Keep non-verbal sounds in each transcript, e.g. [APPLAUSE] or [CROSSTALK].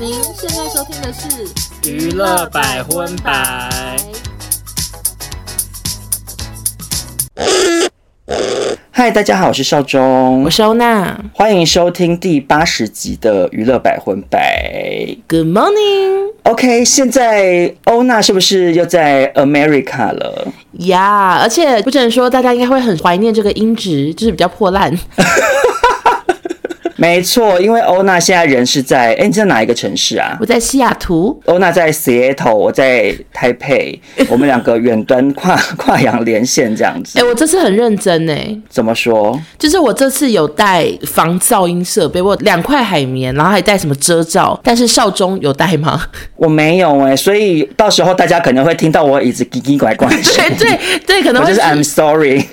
您現在收聽的是《娛樂百婚百》百百。嗨，大家好，我是劭中，我是歐娜，歡迎收聽第八十集的《娛樂百婚百》。Good morning。OK，現在歐娜是不是又在 America 了？Yeah，而且我只能說，大家應該會很懷念這個音質，就是比較破爛。 [LAUGHS] 沒錯，因為歐娜現在人是在誒、欸、你在哪一個城市啊？我在西雅圖。歐娜在 Seattle，我在台北。 [LAUGHS] 我們兩個遠端跨跨洋連線這樣子。誒、欸、我這次很認真呢。怎麼說？就是我這次有帶防噪音設備，我兩塊海綿，然後還帶什麼遮罩，但是劭中有帶嗎？ [LAUGHS] 我沒有哎，所以到時候大家可能會聽到我椅子嘰嘰拐拐。對對，可能會。我就是 I'm sorry。 [LAUGHS]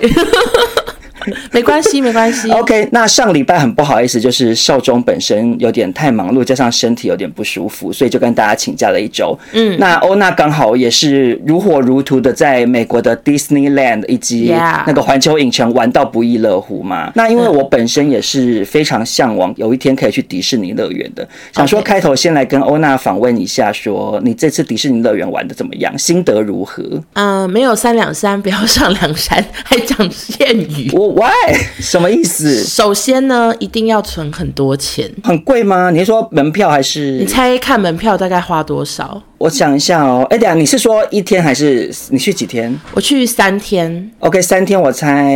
[LAUGHS] 沒關係，沒關係。OK，那上禮拜很不好意思，就是劭中本身有點太忙碌，加上身體有點不舒服，所以就跟大家請假了一周。嗯，那歐娜剛好也是如火如荼的在美國的 Disneyland 以及那個環球影城玩到不亦樂乎嘛。Yeah. 那因為我本身也是非常嚮往有一天可以去迪士尼樂園的，Okay. 想說開頭先來跟歐娜訪問一下，說你這次迪士尼樂園玩得怎麼樣，心得如何？嗯，uh, 沒有三兩三，不要上梁山，還講諺語。 [LAUGHS] 喂，什麼意思？首先呢，一定要存很多錢。很貴嗎？你是說門票還是？你猜看門票大概花多少？我想一下哦。哎、欸，等下，你是說一天還是你去幾天？我去三天。OK，三天我猜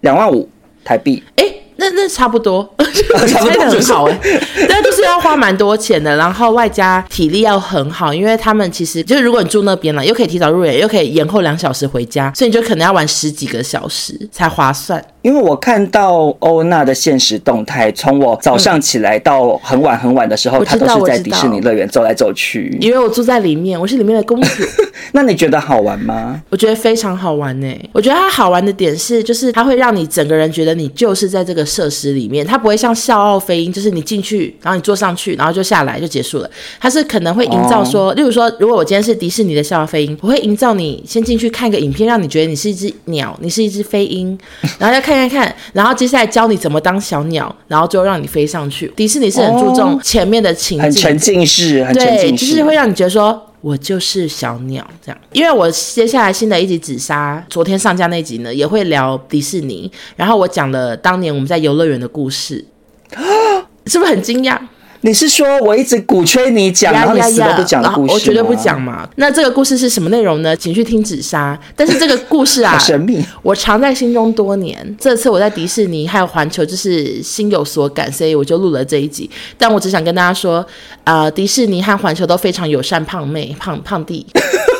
兩萬五台幣。誒、欸。那那差不多，真的 [LAUGHS] 很好、哎、欸，那就， [LAUGHS] [LAUGHS] 就是要花蠻多錢的，然後外加體力要很好，因為他們其實就是如果你住那邊了，又可以提早入園，又可以延後兩小時回家，所以你就可能要玩十幾個小時才划算。因為我看到歐娜的現實動態，從我早上起來到很晚很晚的時候，嗯、她都是在迪士尼樂園走來走去。因為我住在裡面，我是裡面的公主。 [LAUGHS] 那你覺得好玩嗎？我覺得非常好玩呢、欸。我覺得它好玩的點是，就是它會讓你整個人覺得你就是在這個。設施裡面，它不會像笑傲飛鷹，就是你進去，然後你坐上去，然後就下來就結束了。它是可能會營造說，oh. 例如說，如果我今天是迪士尼的笑傲飛鷹，我會營造你先進去看個影片，讓你覺得你是一隻鳥，你是一隻飛鷹，然後再看看看， [LAUGHS] 然後接下來教你怎麼當小鳥，然後最後讓你飛上去。迪士尼是很注重前面的情境，很沉浸式，對，就是會讓你覺得說。我就是小鳥，這樣，因為我接下來新的一集紫砂，昨天上架那集呢，也會聊迪士尼，然後我講了當年我們在遊樂園的故事， [COUGHS] 是不是很驚訝？你是說我一直鼓吹你講，然後你死都不講的故事嗎？yeah, yeah, yeah.、啊、我絕對不講嘛。那這個故事是什麼內容呢？請去聽紫砂。但是這個故事啊， [LAUGHS] 神秘，我藏在心中多年。這次我在迪士尼還有環球，就是心有所感，所以我就錄了這一集。但我只想跟大家說，呃，迪士尼和環球都非常友善胖，胖妹胖胖弟。 [LAUGHS]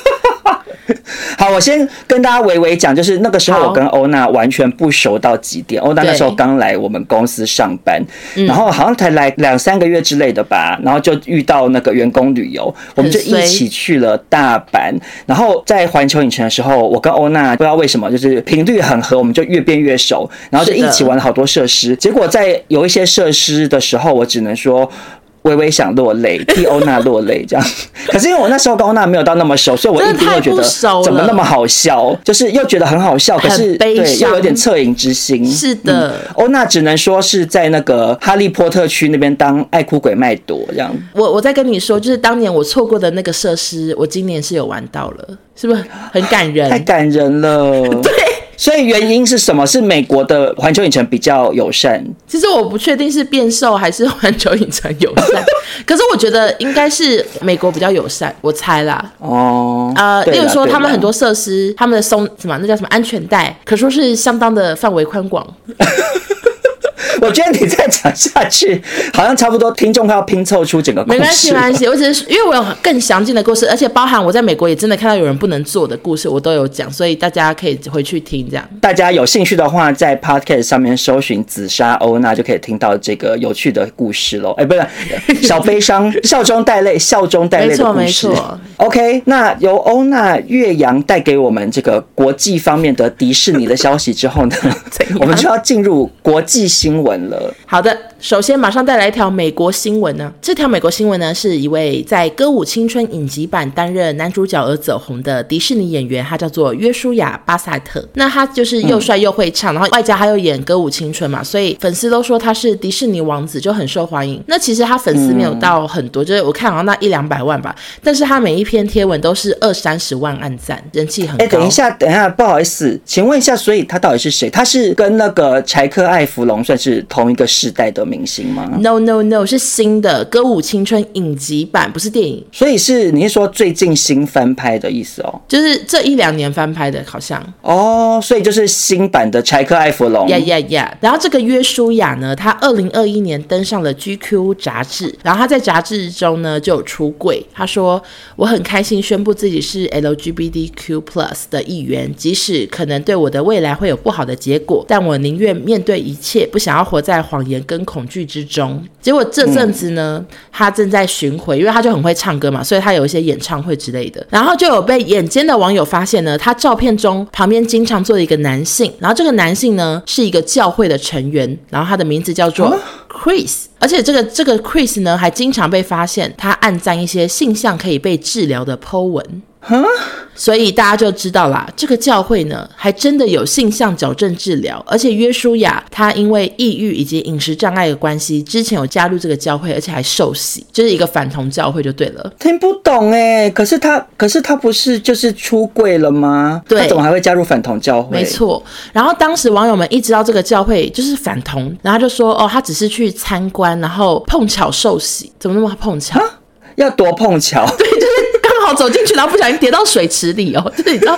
[LAUGHS] 好，我先跟大家微微講，就是那個時候我跟歐娜完全不熟到極點。歐娜好那時候剛來我們公司上班，對然後好像才來兩三個月之類的吧，然後就遇到那個員工旅遊，我們就一起去了大阪。衰然後在環球影城的時候，我跟歐娜不知道為什麼就是頻率很合，我們就越變越熟，然後就一起玩了好多設施。的結果在有一些設施的時候，我只能說。微微想落淚，替歐娜落淚，這樣。 [LAUGHS] 可是因為我那時候跟歐娜沒有到那麼熟，所以我一定會覺得怎麼那麼好笑，就是又覺得很好笑，可是對悲又有點惻隱之心。是的，歐娜、嗯、只能說是在那個哈利波特區那邊當愛哭鬼麥朵，這樣。我我再跟你說，就是當年我錯過的那個設施，我今年是有玩到了，是不是很感人？太感人了。 [LAUGHS] 對。所以原因是什麼？是美國的環球影城比較友善？其實我不確定是變瘦還是環球影城友善， [LAUGHS] 可是我覺得應該是美國比較友善，我猜啦。哦，呃，例如了說他們很多設施，了他們的鬆什麼，那叫什麼安全帶，可說是相當的範圍寬廣。 [LAUGHS] 我覺得你再講下去，好像差不多聽眾快要拼湊出整個故事了。沒關係，沒關係，我只是因為我有更詳盡的故事，而且包含我在美國也真的看到有人不能做的故事，我都有講，所以大家可以回去聽這樣。大家有興趣的話，在 podcast 上面搜尋紫砂歐娜，就可以聽到這個有趣的故事嘍。哎、欸，不是，小悲傷，笑中帶淚，笑中帶淚的故事。沒錯，沒錯。OK，那由歐娜岳陽帶給我們這個國際方面的迪士尼的消息之後呢， [LAUGHS] 怎樣？ [LAUGHS] 我們就要進入國際新聞。好的，首先馬上帶來一條美國新聞呢。這條美國新聞呢，是一位在《歌舞青春》影集版擔任男主角而走紅的迪士尼演員，他叫做約書亞·巴薩特。那他就是又帥又會唱，嗯、然後外加他又演《歌舞青春》嘛，所以粉絲都說他是迪士尼王子，就很受歡迎。那其實他粉絲沒有到很多，嗯、就是我看好像那一兩百萬吧。但是他每一篇貼文都是二三十萬按讚，人氣很高。哎、欸，等一下，等一下，不好意思，請問一下，所以他到底是誰？他是跟那個柴克·艾弗龍算是？同一個時代的明星嗎？No No No，是新的《歌舞青春》影集版，不是電影。所以是你是說最近新翻拍的意思哦？就是這一兩年翻拍的，好像。哦，oh, 所以就是新版的柴克·艾弗隆。呀呀呀！Yeah, yeah, yeah. 然後這個約書亞呢，他二零二一年登上了 GQ 雜誌，然後他在雜誌中呢就有出櫃，他說：“我很開心宣布自己是 LGBTQ Plus 的一員，即使可能對我的未來會有不好的結果，但我寧願面對一切，不想要回”活在謊言跟恐懼之中，結果這陣子呢，嗯、他正在巡迴，因為他就很會唱歌嘛，所以他有一些演唱會之類的。然後就有被眼尖的網友發現呢，他照片中旁邊經常坐一個男性，然後這個男性呢是一個教會的成員，然後他的名字叫做 Chris。什麼？而且這個這個 Chris 呢還經常被發現他按讚一些性向可以被治療的 Po 文。蛤所以大家就知道啦，這個教會呢，還真的有性向矯正治療，而且約書亞他因為抑鬱以及飲食障礙的關係，之前有加入這個教會，而且還受洗，就是一個反同教會就對了。聽不懂哎、欸，可是他，可是他不是就是出櫃了嗎？對，他怎麼還會加入反同教會？沒錯。然後當時網友們一知道這個教會就是反同，然後他就說哦，他只是去參觀，然後碰巧受洗，怎麼那麼碰巧？要多碰巧？ [LAUGHS] 走進去，然後不小心跌到水池裡哦、喔，就是你知道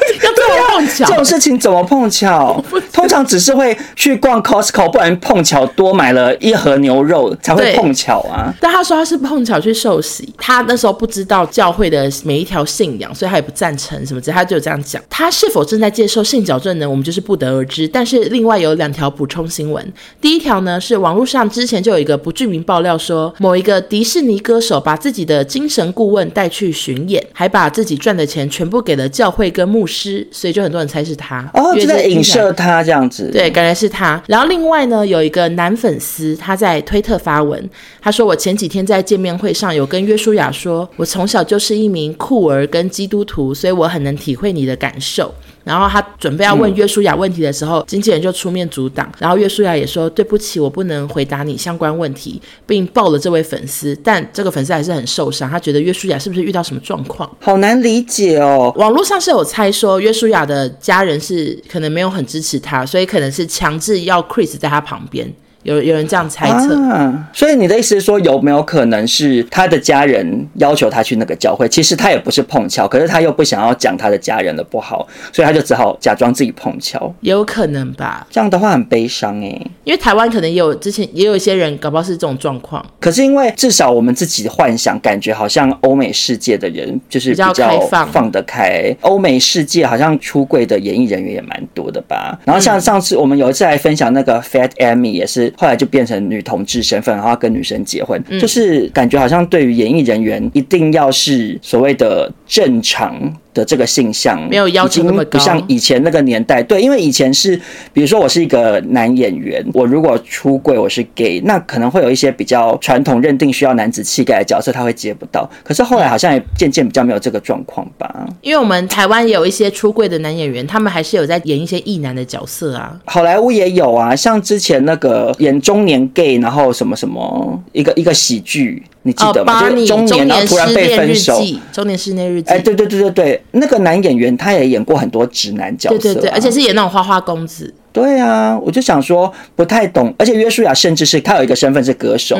要碰巧、欸對啊，這種事情怎麼碰巧？通常只是會去逛 Costco，不然碰巧多買了一盒牛肉才會碰巧啊。但他說他是碰巧去受洗，他那時候不知道教會的每一條信仰，所以他也不贊成什麼之類，他只有這樣講。他是否正在接受性矯正呢？我們就是不得而知。但是另外有兩條補充新聞，第一條呢是網絡上之前就有一個不具名爆料說，某一個迪士尼歌手把自己的精神顧問帶去巡演。還把自己賺的錢全部給了教會跟牧師，所以就很多人猜是他哦，原來就在影射他這樣子，對，感覺是他。然後另外呢，有一個男粉絲他在推特發文，他說：“我前幾天在見面會上有跟約書亞說，我從小就是一名酷兒跟基督徒，所以我很能體會你的感受。”然後他準備要問約書亞問題的時候，嗯、經紀人就出面阻擋。然後約書亞也說：“對不起，我不能回答你相關問題，”並抱了這位粉絲。但這個粉絲還是很受傷，他覺得約書亞是不是遇到什麼狀況？好難理解哦。網絡上是有猜說約書亞的家人是可能沒有很支持他，所以可能是強制要 Chris 在他旁邊。有有人這樣猜測。啊，所以你的意思是說，有沒有可能是他的家人要求他去那個教會？其實他也不是碰巧，可是他又不想要講他的家人的不好，所以他就只好假裝自己碰巧。有可能吧。這樣的話很悲傷誒、欸，因為台灣可能也有之前也有一些人搞不好是這種狀況。可是因為至少我們自己幻想，感覺好像歐美世界的人就是比較開放，放得開。歐美世界好像出櫃的演藝人員也蠻多的吧？然後像上次我們有一次來分享那個 Fat Amy 也是。後來就變成女同志身份，然後要跟女生結婚，嗯、就是感覺好像對於演藝人員一定要是所謂的正常的這個性向，沒有要求那麼高，不像以前那個年代。對，因為以前是，比如說我是一個男演員，我如果出櫃我是 gay，那可能會有一些比較傳統認定需要男子氣概的角色他會接不到。可是後來好像也漸漸比較沒有這個狀況吧、嗯。因為我們台灣也有一些出櫃的男演員，他們還是有在演一些異男的角色啊。好萊塢也有啊，像之前那個。嗯演中年 gay，然後什麼什麼一個一個喜劇，你記得嗎？哦、就中年，中年然後突然被分手，中年室內日記。哎、欸，對對對對對，那個男演員他也演過很多直男角色，啊，對對對，而且是演那種花花公子。對啊，我就想說不太懂，而且約書亞甚至是他有一個身份是歌手，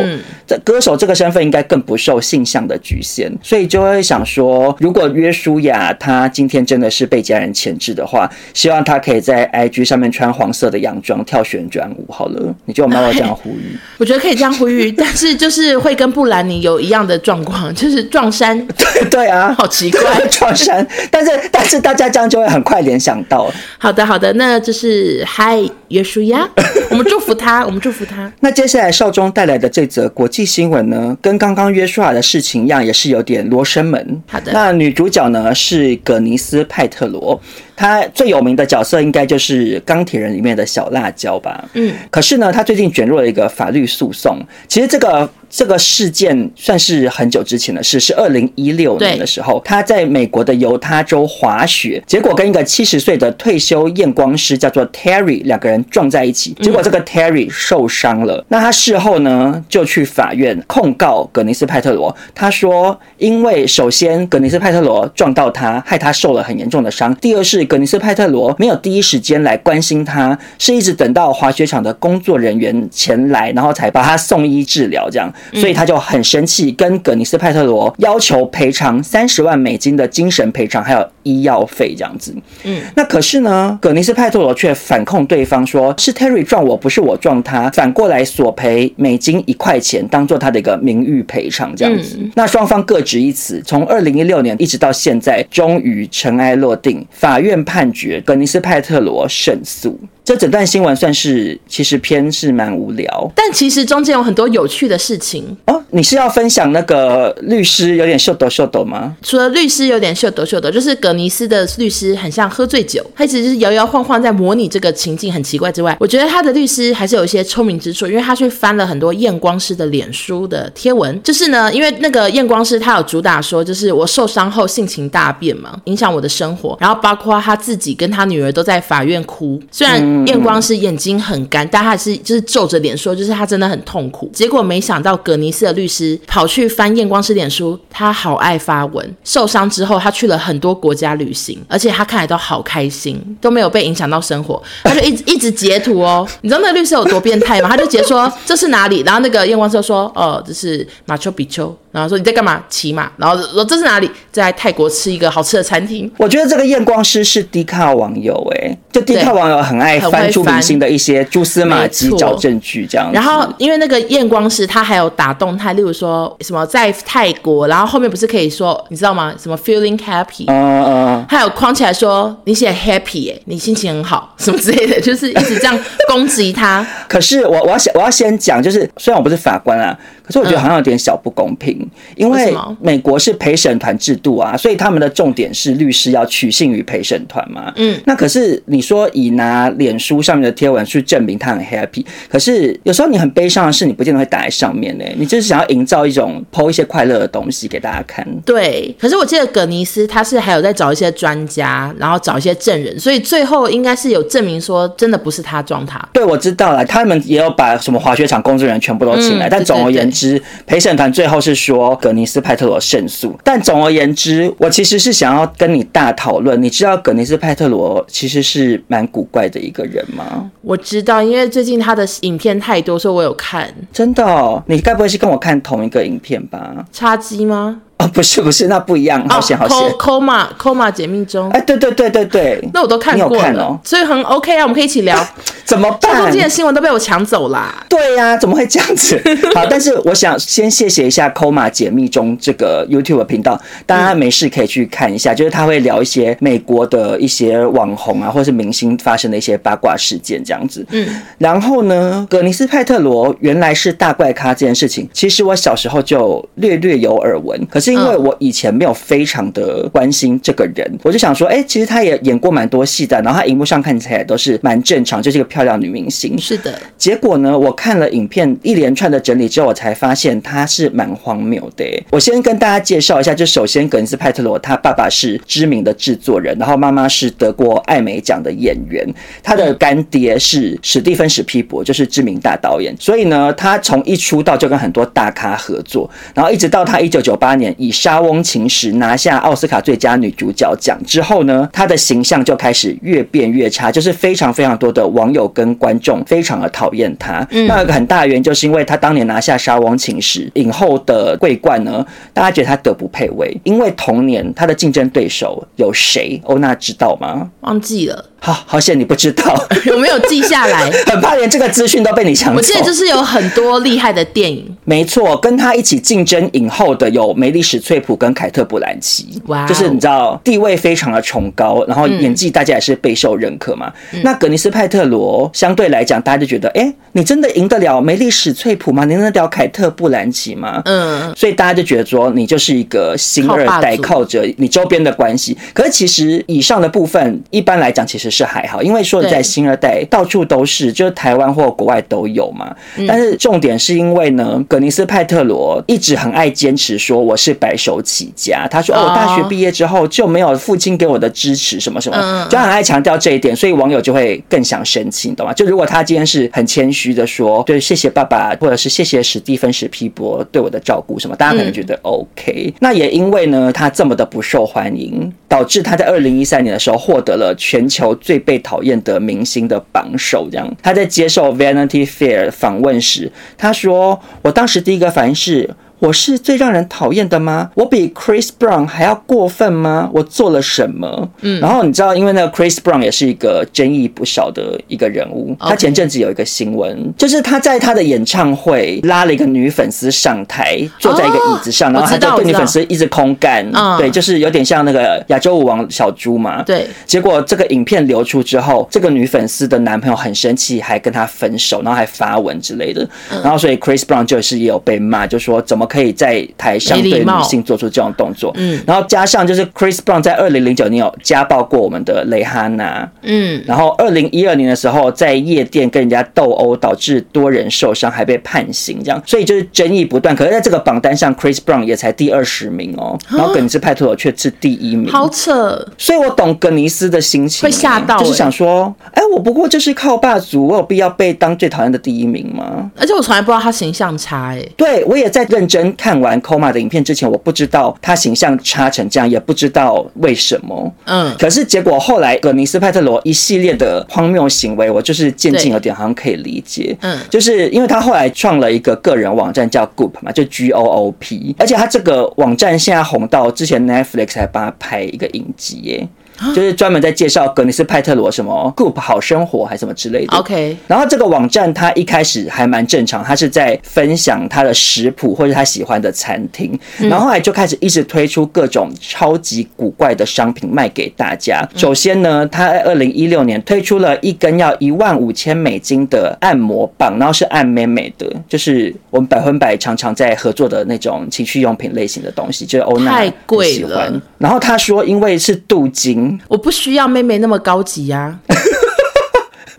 這、嗯、歌手這個身份應該更不受性向的局限，所以就會想說，如果約書亞他今天真的是被家人牽制的話，希望他可以在 IG 上面穿黃色的洋裝跳旋轉舞好了。你就有沒有這樣呼籲、哎，我覺得可以這樣呼籲， [LAUGHS] 但是就是會跟布蘭妮有一樣的狀況，就是撞衫。對對啊，好奇怪，撞衫。 [LAUGHS] 但是但是大家這樣就會很快聯想到。好的好的，那就是。嗨，約書亞，我們祝福他，我們祝福他。 [LAUGHS] 那接下來劭中帶來的這則國際新聞呢，跟剛剛約書亞的事情一樣，也是有點羅生門。好的，那女主角呢是葛尼絲派特羅。他最有名的角色應該就是《鋼鐵人》裡面的小辣椒吧。嗯。可是呢，他最近捲入了一個法律訴訟。其實這個這個事件算是很久之前的事，是二零一六年的時候，他在美國的猶他州滑雪，結果跟一個七十歲的退休驗光師叫做 Terry 兩個人撞在一起，結果這個 Terry 受傷了。嗯、那他事後呢就去法院控告葛尼絲派特羅，他說因為首先葛尼絲派特羅撞到他，害他受了很嚴重的傷；第二是。葛尼絲派特羅沒有第一時間來關心他，是一直等到滑雪場的工作人員前來，然後才把他送醫治療，這樣，所以他就很生氣，跟葛尼絲派特羅要求賠償三十萬美金的精神賠償，還有。醫藥費這樣子，嗯，那可是呢，葛尼絲派特羅卻反控對方說，說是 Terry 撞我，不是我撞他，反過來索賠美金一塊錢，當做他的一個名譽賠償這樣子。嗯、那雙方各執一詞，從二零一六年一直到現在，終於塵埃落定，法院判決葛尼絲派特羅勝訴。這整段新聞算是其實偏是蠻無聊，但其實中間有很多有趣的事情哦。你是要分享那個律師有點秀逗秀逗嗎？除了律師有點秀逗秀逗，就是葛尼絲的律師很像喝醉酒，他其實就是搖搖晃晃在模擬這個情境，很奇怪之外，我覺得他的律師還是有一些聰明之處，因為他去翻了很多驗光師的臉書的貼文，就是呢，因為那個驗光師他有主打說，就是我受傷後性情大變嘛，影響我的生活，然後包括他自己跟他女兒都在法院哭，雖然、嗯。驗光師眼睛很乾，但他還是就是皺着臉說，就是他真的很痛苦。結果沒想到，葛尼絲的律師跑去翻驗光師臉書，他好愛發文。受傷之後，他去了很多國家旅行，而且他看起來都好開心，都沒有被影響到生活。他就一直一直截圖哦， [LAUGHS] 你知道那個律師有多變態嗎？他就截說，這是哪裡，然後那個驗光師就說哦，這是馬丘比丘。然後說，你在幹嘛？騎馬。然後說，這是哪裡？在泰國吃一個好吃的餐廳。我覺得這個驗光師是迪卡網友誒，就迪卡網友很愛翻出明星的一些蛛絲馬迹找證據這樣。然後因為那個驗光師他還有打動態，例如說什麼在泰國，然後後面不是可以說你知道嗎？什麼 feeling happy？嗯嗯。還有框起來說你寫 happy 哎，你心情很好什麼之類的，就是一直這樣攻擊他。可是我我要我要先我要先講，就是雖然我不是法官啊，可是我覺得好像有點小不公平。因為美國是陪審團制度啊，所以他們的重點是律師要取信於陪審團嘛。嗯，那可是你說以拿臉書上面的貼文去證明他很 happy，可是有時候你很悲傷的事，你不見得會打在上面嘞、欸。你就是想要營造一種 po 一些快樂的東西給大家看。對，可是我記得葛尼絲他是還有在找一些專家，然後找一些證人，所以最後應該是有證明說真的不是他撞他。對，我知道了，他們也有把什麼滑雪場工作人員全部都請來，嗯、但總而言之，對對對，陪審團最後是說葛尼絲派特羅勝訴，但總而言之，我其實是想要跟你大討論。你知道葛尼絲派特羅其實是蠻古怪的一個人嗎？我知道，因為最近他的影片太多，所以我有看。真的哦？你該不會是跟我看同一個影片吧？插機嗎？哦，不是不是，那不一樣。哦，Coma Coma 解密中，哎，欸、對對對對對，那我都看過了，你有看哦、所以很 OK 啊，我們可以一起聊。 [LAUGHS] 怎麼辦？今天的新聞都被我搶走了。對呀、啊，怎麼會這樣子？好， [LAUGHS] 但是我想先謝謝一下 Coma 解密中這個 YouTube 頻道，大家沒事可以去看一下，嗯、就是他會聊一些美國的一些網紅啊，或是明星發生的一些八卦事件這樣子。嗯，然後呢，格尼斯派特羅原來是大怪咖這件事情，其實我小時候就略略有耳聞，可是。是因為我以前沒有非常的關心這個人，我就想說，哎，其實他也演過蠻多戲的，然後他熒幕上看起來都是蠻正常，就是一個漂亮女明星。是的。結果呢，我看了影片一連串的整理之後，我才發現他是蠻荒謬的、欸。我先跟大家介紹一下，就首先葛尼絲派特羅，他爸爸是知名的制作人，然後媽媽是得過艾美獎的演員，他的乾爹是史蒂芬史匹柏，就是知名大導演。所以呢，他從一出道就跟很多大咖合作，然後一直到他一九九八年。以《莎翁情史》拿下奧斯卡最佳女主角獎之後呢，她的形象就開始越變越差，就是非常非常多的網友跟觀眾非常的討厭她。嗯，那個很大原因，就是因為她當年拿下《莎翁情史》影後的桂冠呢，大家覺得她德不配位。因為同年她的競爭對手有誰？歐娜知道嗎？忘記了。好好像你不知道 [LAUGHS] 有沒有記下來，很怕連這個資訊都被你搶走。 [LAUGHS] 我記得就是有很多厲害的電影，沒錯，跟他一起競爭影後的有梅麗史翠普跟凱特布蘭奇，哇 Wow，就是你知道地位非常的崇高，然後演技大家也是備受認可嘛。嗯、那葛尼斯派特羅相對來講，大家就覺得，哎、欸，你真的贏得了梅麗史翠普嗎？你贏得了凱特布蘭奇嗎？嗯，所以大家就覺得說，你就是一個星二代靠者，靠着你周邊的關係。可是其實以上的部分，一般來講，其實。是還好，因為說在星二代到處都是，就是台灣或國外都有嘛。但是重點是因為呢，葛尼絲派特羅一直很愛堅持說我是白手起家。他說：“哦，我大學畢業之後就沒有父親給我的支持，什麼什麼，就很愛強調這一點，所以網友就會更想生氣，懂嗎？就如果他今天是很謙虛的說，對，謝謝爸爸，或者是謝謝史蒂芬史皮伯對我的照顧，什麼，大家可能覺得 OK。那也因為呢，他這麼的不受歡迎，導致他在二零一三年的時候獲得了全球，最被討厭的明星的榜首，這樣。他在接受《Vanity Fair》訪問時，他說：“我當時第一個反應是……”我是最讓人討厭的嗎？我比 Chris Brown 還要過分嗎？我做了什麼？嗯，然後你知道，因為那個 Chris Brown 也是一個爭議不小的一個人物，他前陣子有一個新聞，就是他在他的演唱會拉了一個女粉絲上台，坐在一個椅子上，然後他就對女粉絲一直空幹，對，就是有點像那個亞洲舞王小豬嘛。對，結果這個影片流出之後，這個女粉絲的男朋友很生氣，還跟他分手，然後還發文之類的，然後所以 Chris Brown 就是也有被罵，就說怎麼可以在台上對女性做出這種動作，嗯，然後加上就是 Chris Brown 在二零零九年有家暴過我們的蕾哈娜，嗯，然後二零一二年的時候在夜店跟人家鬥毆，導致多人受傷還被判刑，這樣，所以就是爭議不斷。可是在這個榜單上，Chris Brown 也才第二十名哦，嗯、然後葛尼絲派特羅卻是第一名，好扯。所以我懂葛尼絲的心情，會嚇到、欸，就是想說，哎、欸，我不過就是靠爸族，我有必要被當最討厭的第一名嗎？而且我從來不知道他形象差、欸，哎，對我也在認真、嗯。跟看完 Koma 的影片之前，我不知道他形象差成這樣，也不知道為什麼。嗯，可是結果後來葛尼絲派特羅一系列的荒謬行為，我就是漸進有點好像可以理解。嗯對，就是因為他後來創了一個個人網站叫 Goop 嘛，就 G O O P，而且他這個網站現在紅到之前 Netflix 還幫他拍一個影集耶、欸。就是專門在介紹葛尼絲派特羅什麼 Goop 好生活還是什麼之類的。OK，然後這個網站它一開始還蠻正常，他是在分享他的食譜或者他喜歡的餐廳，然後後來就開始一直推出各種超級古怪的商品賣給大家。首先呢，他在二零一六年推出了一根要一萬五千美金的按摩棒，然後是按妹妹的，就是我們百分百常常在合作的那種情趣用品類型的東西，就是歐娜太貴了。然後他說，因為是鍍金。我不需要妹妹那麼高級啊！ [LAUGHS]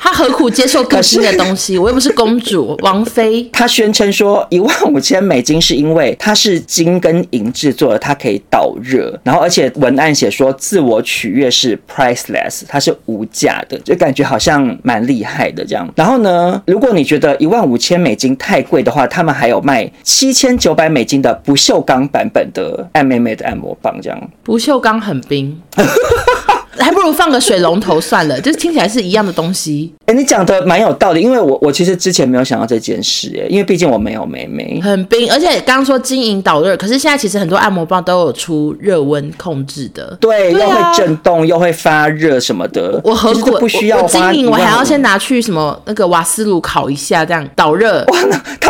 她何苦接受可新的東西？老是 我又不是公主、王妃。她宣稱說一萬五千美金是因為它是金跟銀製作的，它可以導熱。然後而且文案寫說自我取悅是 priceless，它是無價的，就感覺好像蠻厲害的這樣。然後呢，如果你覺得一萬五千美金太貴的話，他們還有賣七千九百美金的不鏽鋼版本的愛妹妹的按摩棒這樣。不鏽鋼很冰。 [LAUGHS] [LAUGHS] 還不如放個水龍頭算了，就是聽起來是一樣的東西。哎、欸，你講的蠻有道理，因為我我其實之前沒有想到這件事，哎，因為畢竟我沒有妹妹，很冰，而且剛說金銀導熱，可是現在其實很多按摩棒都有出熱溫控制的，對，對啊，又會震動，又會發熱什麼的。我何和苦不需要金銀，我，我，我還要先拿去什麼那個瓦斯爐烤一下，這樣導熱，哇，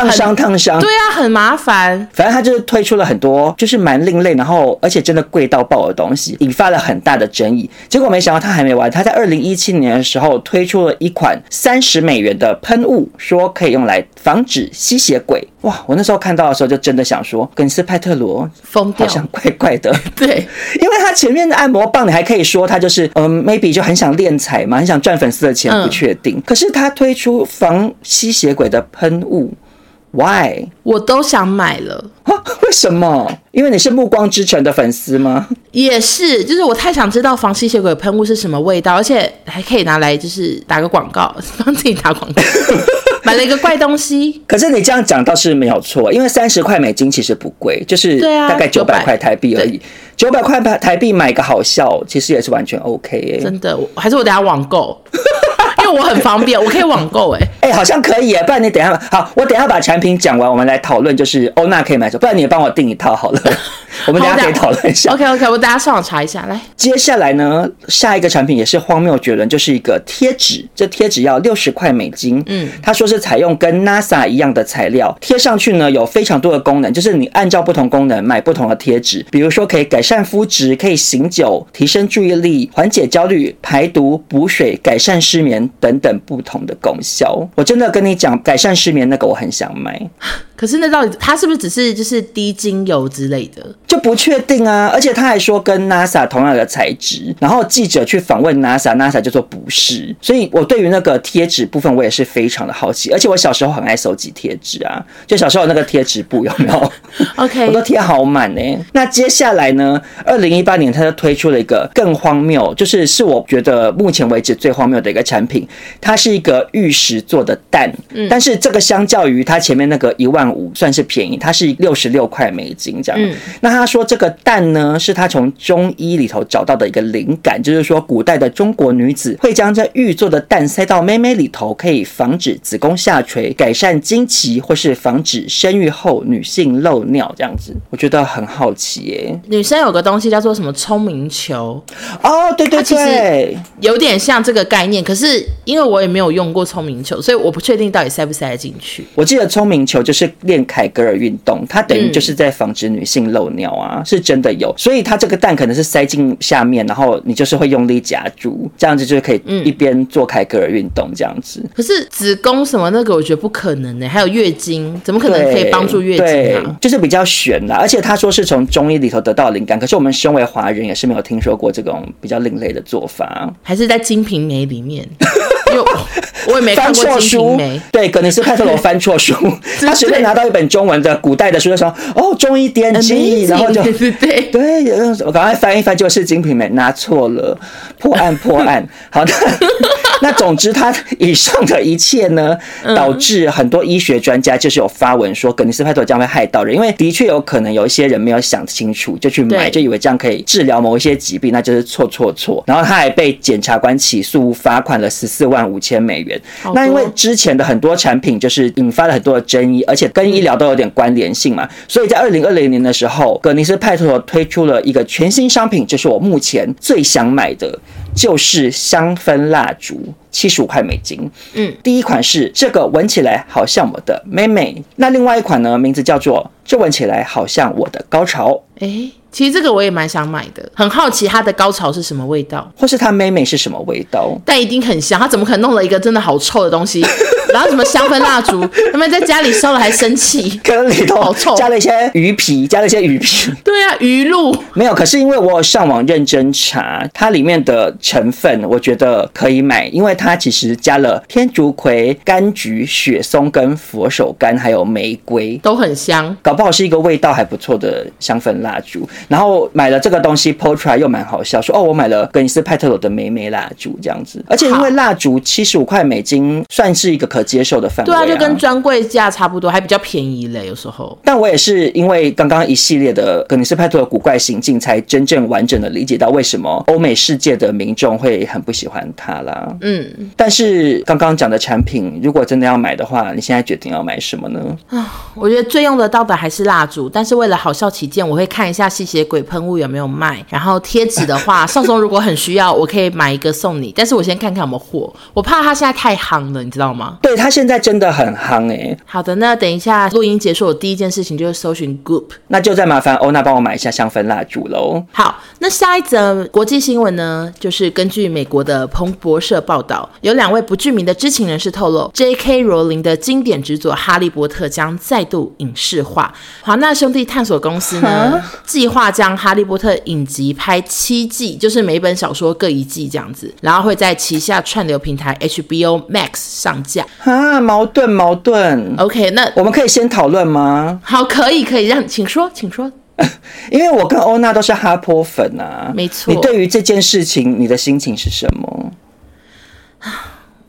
燙傷燙傷。對啊，很麻煩。反正他就是推出了很多就是蠻另類，然後而且真的貴到爆的東西，引發了很大的爭議。就結果沒想到他還沒完，他在二零一七年的時候推出了一款三十美元的噴霧，說可以用來防止吸血鬼。哇！我那時候看到的時候就真的想說，葛尼絲派特羅瘋掉，好像怪怪的。對， [LAUGHS] 因為他前面的按摩棒，你還可以說他就是對嗯，maybe 就很想斂財嘛，很想賺粉絲的錢，不確定。嗯、可是他推出防吸血鬼的噴霧。Why？我都想買了，蛤？為什麼？因為你是暮光之城的粉絲嗎？也是，就是我太想知道防吸血鬼噴霧是什麼味道，而且還可以拿來就是打個廣告，幫自己打廣告。 [LAUGHS] 買了一個怪東西， [LAUGHS] 可是你這樣講倒是沒有錯，因為三十塊美金其實不貴，就是大概九百塊台幣而已，九百塊台幣買個好笑，其實也是完全 OK 欸。真的，還是我等下網購。 [LAUGHS] [LAUGHS] 因為我很方便，我可以網購、欸。哎哎、欸，好像可以、欸，不然你等一下好，我等一下把產品講完，我們來討論，就是歐娜可以買走，不然你也幫我訂一套好了。 [LAUGHS] 我們等下可以討論一下。OK OK，我們大家上網查一下來。接下來呢，下一個產品也是荒謬絕倫，就是一個貼紙。這貼紙要六十塊美金。嗯，他說是採用跟 NASA 一樣的材料，貼上去呢有非常多的功能，就是你按照不同功能買不同的貼紙，比如說可以改善膚質，可以醒酒、提升注意力、緩解焦慮、排毒、補水、改善失眠等等不同的功效。我真的跟你講，改善失眠那個我很想買。可是那到底它是不是只是就是滴精油之類的？不確定啊，而且他還說跟 NASA 同樣的材質，然後記者去訪問 NASA，NASA 就說不是。所以，我對於那個貼紙部分，我也是非常的好奇。而且我小時候很愛收集貼紙啊，就小時候那個貼紙布有沒有？OK，我都貼好滿呢、欸。那接下來呢？二零一八年，他就推出了一個更荒謬，就是是我覺得目前為止最荒謬的一個產品，它是一個玉石做的蛋。嗯，但是這個相較於它前面那個一萬五算是便宜，它是六十六塊美金這樣。嗯，那它。他說這個蛋呢，是他從中醫裡頭找到的一個靈感，就是說古代的中國女子會將這玉做的蛋塞到妹妹裡頭，可以防止子宮下垂，改善經期，或是防止生育後女性漏尿這樣子。我覺得很好奇耶、欸，女生有個東西叫做什麼聰明球？哦，oh, 對，對對對，有點像這個概念。可是因為我也沒有用過聰明球，所以我不確定到底塞不塞得進去。我記得聰明球就是練凱格爾運動，它等於就是在防止女性漏尿。嗯是真的有，所以它這個蛋可能是塞進下面，然後你就是會用力夾住，這樣子就可以一邊做凱格爾運動這樣子。嗯、可是子宮什麼那個，我覺得不可能呢、欸。還有月經，怎麼可能可以幫助月經啊？就是比較懸啦、啊。而且他說是從中醫裡頭得到靈感，可是我們身為華人也是沒有聽說過這種比較另類的做法，還是在《金瓶梅》裡面。 [LAUGHS] 哦、我也沒翻過、欸，翻錯書，對，可能是派特羅翻錯書。他隨便拿到一本中文的古代的書，就說：“哦，中醫典籍。嗯”，然後就對，對，我趕快翻一翻，就是《精品美》，拿錯了。破案，破案， [LAUGHS] 好的。 [LAUGHS] [LAUGHS] 那總之，他以上的一切呢，導致很多醫學專家就是有發文說，葛尼絲派特羅這樣會害到人，因為的確有可能有一些人沒有想清楚就去買，就以為這樣可以治療某一些疾病，那就是錯錯錯。然後他還被檢察官起訴，罰款了十四萬五千美元。那因為之前的很多產品就是引發了很多的爭議，而且跟醫療都有點關聯性嘛，所以在二零二零年的時候，葛尼絲派特羅推出了一個全新商品，就是我目前最想買的。就是香氛蠟燭，七十五塊美金。嗯，第一款是這個，聞起來好像我的妹妹。那另外一款呢，名字叫做這，聞起來好像我的高潮。哎、欸。其實這個我也蠻想買的，很好奇它的高潮是什麼味道，或是他妹妹是什麼味道，但一定很香。他怎麼可能弄了一個真的好臭的東西？ [LAUGHS] 然後什麼香氛蠟燭， [LAUGHS] 他們在家裡燒了還生氣？可能裡頭好臭，加了一些魚皮，加了一些魚皮。對啊，魚露沒有。可是因為我有上網認真查它裡面的成分，我覺得可以買，因為它其實加了天竺葵、柑橘、雪松跟佛手柑，還有玫瑰，都很香。搞不好是一個味道還不錯的香氛蠟燭。然後買了這個東西 po 出來又蠻好笑，說哦我買了葛尼絲派特羅的妹妹味蠟燭這樣子，而且因為蠟燭七十五塊美金好算是一個可接受的範圍，啊，對啊，就跟專櫃價差不多，還比較便宜嘞。有時候，但我也是因為剛剛一系列的葛尼絲派特羅古怪行徑，才真正完整的理解到為什麼歐美世界的民眾會很不喜歡他啦。嗯，但是剛剛講的產品，如果真的要買的話，你現在決定要買什麼呢？我覺得最用得到的還是蠟燭，但是為了好笑起見，我會看一下細節血鬼噴霧有沒有賣，然後貼紙的話，劭 [LAUGHS] 中如果很需要，我可以買一個送你。但是我先看看有沒有貨，我怕他現在太夯了，你知道嗎？對，他現在真的很夯哎、欸。好的，那等一下錄音結束，我第一件事情就是搜尋 Goop，那就再麻煩歐娜幫我買一下香氛蠟燭嘍。好，那下一則國際新聞呢，就是根據美國的彭博社報道，有兩位不具名的知情人士透露，J.K. 羅琳的經典之作《哈利波特》將再度影視化，華納兄弟探索公司呢計劃。 [LAUGHS] 話將《哈利波特》影集拍七季，就是每本小說各一季這樣子，然後會在旗下串流平台 HBO Max 上架。哈，矛盾矛盾。OK，那我們可以先討論嗎？好，可以，可以讓，請說，請說。 [LAUGHS] 因為我跟歐娜都是哈波粉啊，沒錯。你對於這件事情，你的心情是什麼？ [LAUGHS]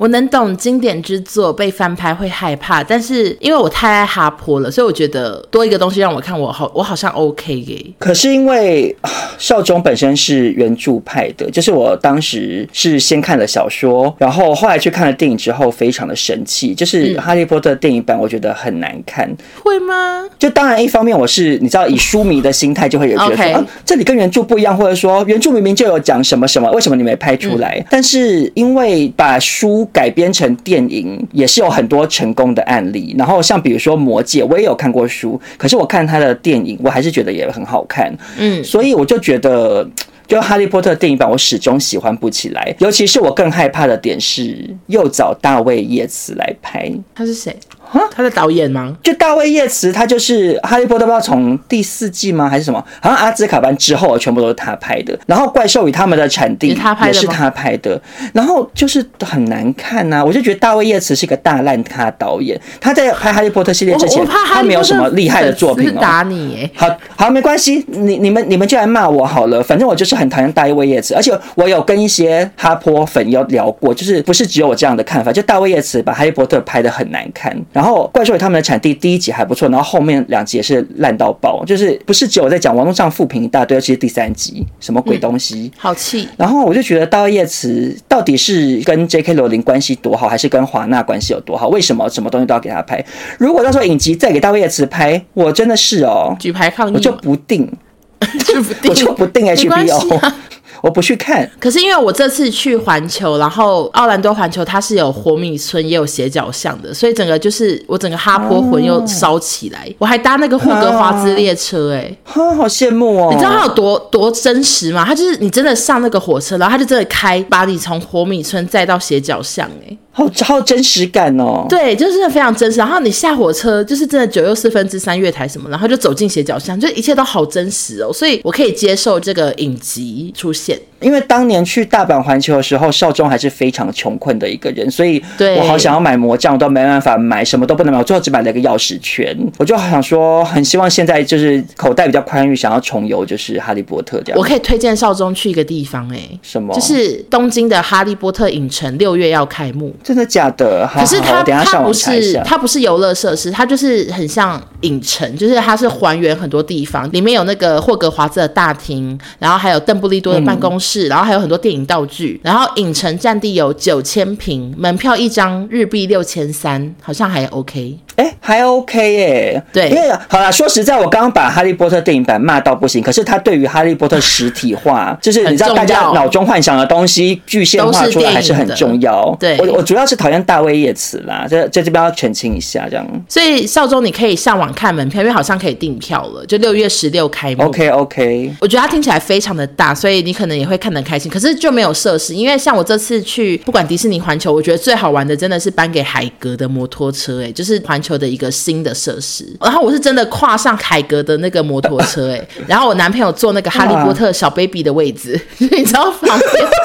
我能懂經典之作被翻拍會害怕，但是因為我太愛哈波了，所以我覺得多一個東西讓我看，我好我好像 OK 耶、欸。可是因為劭中本身是原著派的，就是我當時是先看了小說，然後後來去看了電影之後，非常的生氣，就是哈利波特電影版我覺得很難看。會嗎、嗯？就當然一方面我是你知道以書迷的心態就會有覺得說 [LAUGHS] Okay.、啊，這裡跟原著不一樣，或者說原著明明就有講什麼什麼，為什麼你沒拍出來？嗯、但是因為把書。改編成電影也是有很多成功的案例，然後像比如說《魔戒》，我也有看過書，可是我看他的電影，我還是覺得也很好看，嗯，所以我就覺得，就《哈利波特》電影版，我始終喜歡不起來。尤其是我更害怕的點是，又找大衛‧葉慈來拍，他是誰？啊，蛤，他的導演嗎？就大衛·葉茨，他就是《哈利波特》不知道從第四季嗎，還是什麼？好像《阿茲卡班》之後，全部都是他拍的。然後《怪獸與他們的產地》也是他拍的。然後就是很難看吶、啊，我就覺得大衛·葉茨是一個大爛咖導演。他在拍《哈利波特》系列之前，他沒有什麼厲害的作品、喔、打你、欸，好好沒關係，你你們你們就來罵我好了，反正我就是很討厭大衛·葉茨，而且我有跟一些哈坡粉有聊過，就是不是只有我這樣的看法，就大衛·葉茨把《哈利波特》拍的很難看。然後怪獸與他們的產地第一集還不錯，然後後面兩集也是爛到爆，就是不是只有我在講，網絡上負評一大堆，尤其是第三集什麼鬼東西，嗯、好氣。然後我就覺得大衛葉慈到底是跟 J.K. 羅琳關係多好，還是跟華納關係有多好？為什麼什麼東西都要給他拍？如果到時候影集再給大衛葉慈拍，我真的是哦，舉牌抗議，我就不定， [LAUGHS] 就不定我就不定 HBO、啊。我不去看，可是因為我這次去環球，然後奧蘭多環球它是有活米村，嗯、也有斜角巷的，所以整個就是我整個哈波魂又燒起來，啊、我還搭那個霍格華茲列車，欸，哎、啊啊，好羨慕哦！你知道它有多多真實嗎？它就是你真的上那個火車，然後它就真的開，把你從活米村載到斜角巷，欸，哎。好好真實感哦，對，就是真的非常真實。然後你下火車，就是真的九又四分之三月台什麼，然後就走進斜角巷，就一切都好真實哦。所以我可以接受這個影集出現。因為當年去大阪環球的時候，劭中還是非常窮困的一個人，所以我好想要買魔杖，我都沒辦法買，什麼都不能買，我最後只買了一個鑰匙圈。我就好想說，很希望現在就是口袋比較寬裕，想要重遊就是哈利波特這樣。我可以推薦劭中去一個地方誒，哎，什麼？就是東京的哈利波特影城，六月要開幕。真的假的？好好好，可是它它不是，它不是遊樂設施，它就是很像影城，就是它是還原很多地方，裡面有那個霍格華茲的大廳，然後還有鄧布利多的辦公室，嗯、然後還有很多電影道具。然後影城佔地有九千坪，門票一張日幣六千三，好像還 OK。哎、欸，還 OK 哎、欸。對。因為好啦，說實在，我剛剛把哈利波特電影版罵到不行，可是他對於哈利波特實體化，啊、就是你知道大家腦中幻想的東西具現化出來，還是很重要。對，我我。我主要是討厭大衛葉茨啦，就在這邊要澄清一下，這樣。所以劭中，你可以上網看門票，因為好像可以訂票了，就六月十六開門。OK OK，我覺得它聽起來非常的大，所以你可能也會看得開心。可是就沒有設施，因為像我這次去，不管迪士尼、環球，我覺得最好玩的真的是搬給海格的摩托車、欸，哎，就是環球的一個新的設施。然後我是真的跨上海格的那個摩托車、欸，哎， [LAUGHS] 然後我男朋友坐那個哈利波特小 baby 的位置，啊、 [LAUGHS] 你知道嗎？ [LAUGHS]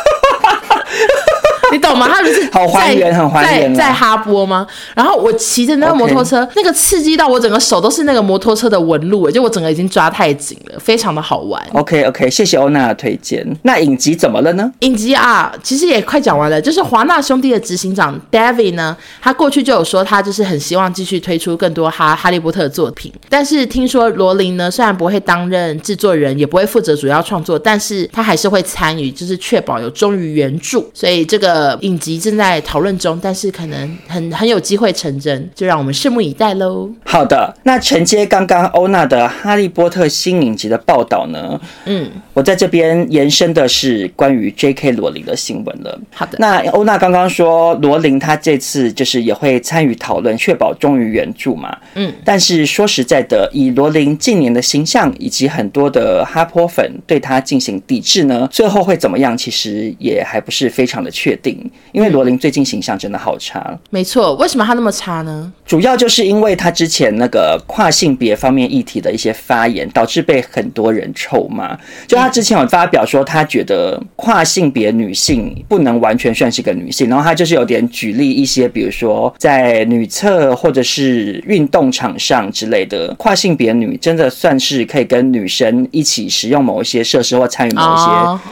懂嗎？他就是在好在在哈波嗎？然後我騎着那個摩托車，Okay. 那個刺激到我整個手都是那個摩托車的紋路，就我整個已經抓太緊了，非常的好玩。OK OK，謝謝歐娜的推薦。那影集怎麼了呢？影集啊，其實也快講完了。就是華納兄弟的執行長 David 呢，他過去就有說他就是很希望繼續推出更多哈哈利波特的作品。但是聽說羅琳呢，雖然不會擔任制作人，也不會負責主要創作，但是他還是會參與，就是確保有忠於原著。所以這個。影集正在討論中，但是可能很很有機會成真，就讓我們拭目以待嘍。好的，那承接剛剛歐娜的《哈利波特》新影集的報道呢？嗯，我在這邊延伸的是關於 J.K. 羅琳的新聞了。好的，那歐娜剛剛說羅琳她這次就是也會參與討論，確保忠於原著嘛。嗯，但是說實在的，以羅琳近年的形象，以及很多的哈波粉對她進行抵制呢，最後會怎麼樣，其實也還不是非常的確定。因為羅琳最近形象真的好差，沒錯。為什麼她那麼差呢？主要就是因為她之前那個跨性別方面議題的一些發言，導致被很多人臭罵。就她之前有發表說，她覺得跨性別女性不能完全算是個女性。然後她就是有點舉例一些，比如說在女廁或者是運動場上之類的，跨性別女真的算是可以跟女生一起使用某一些設施或參與某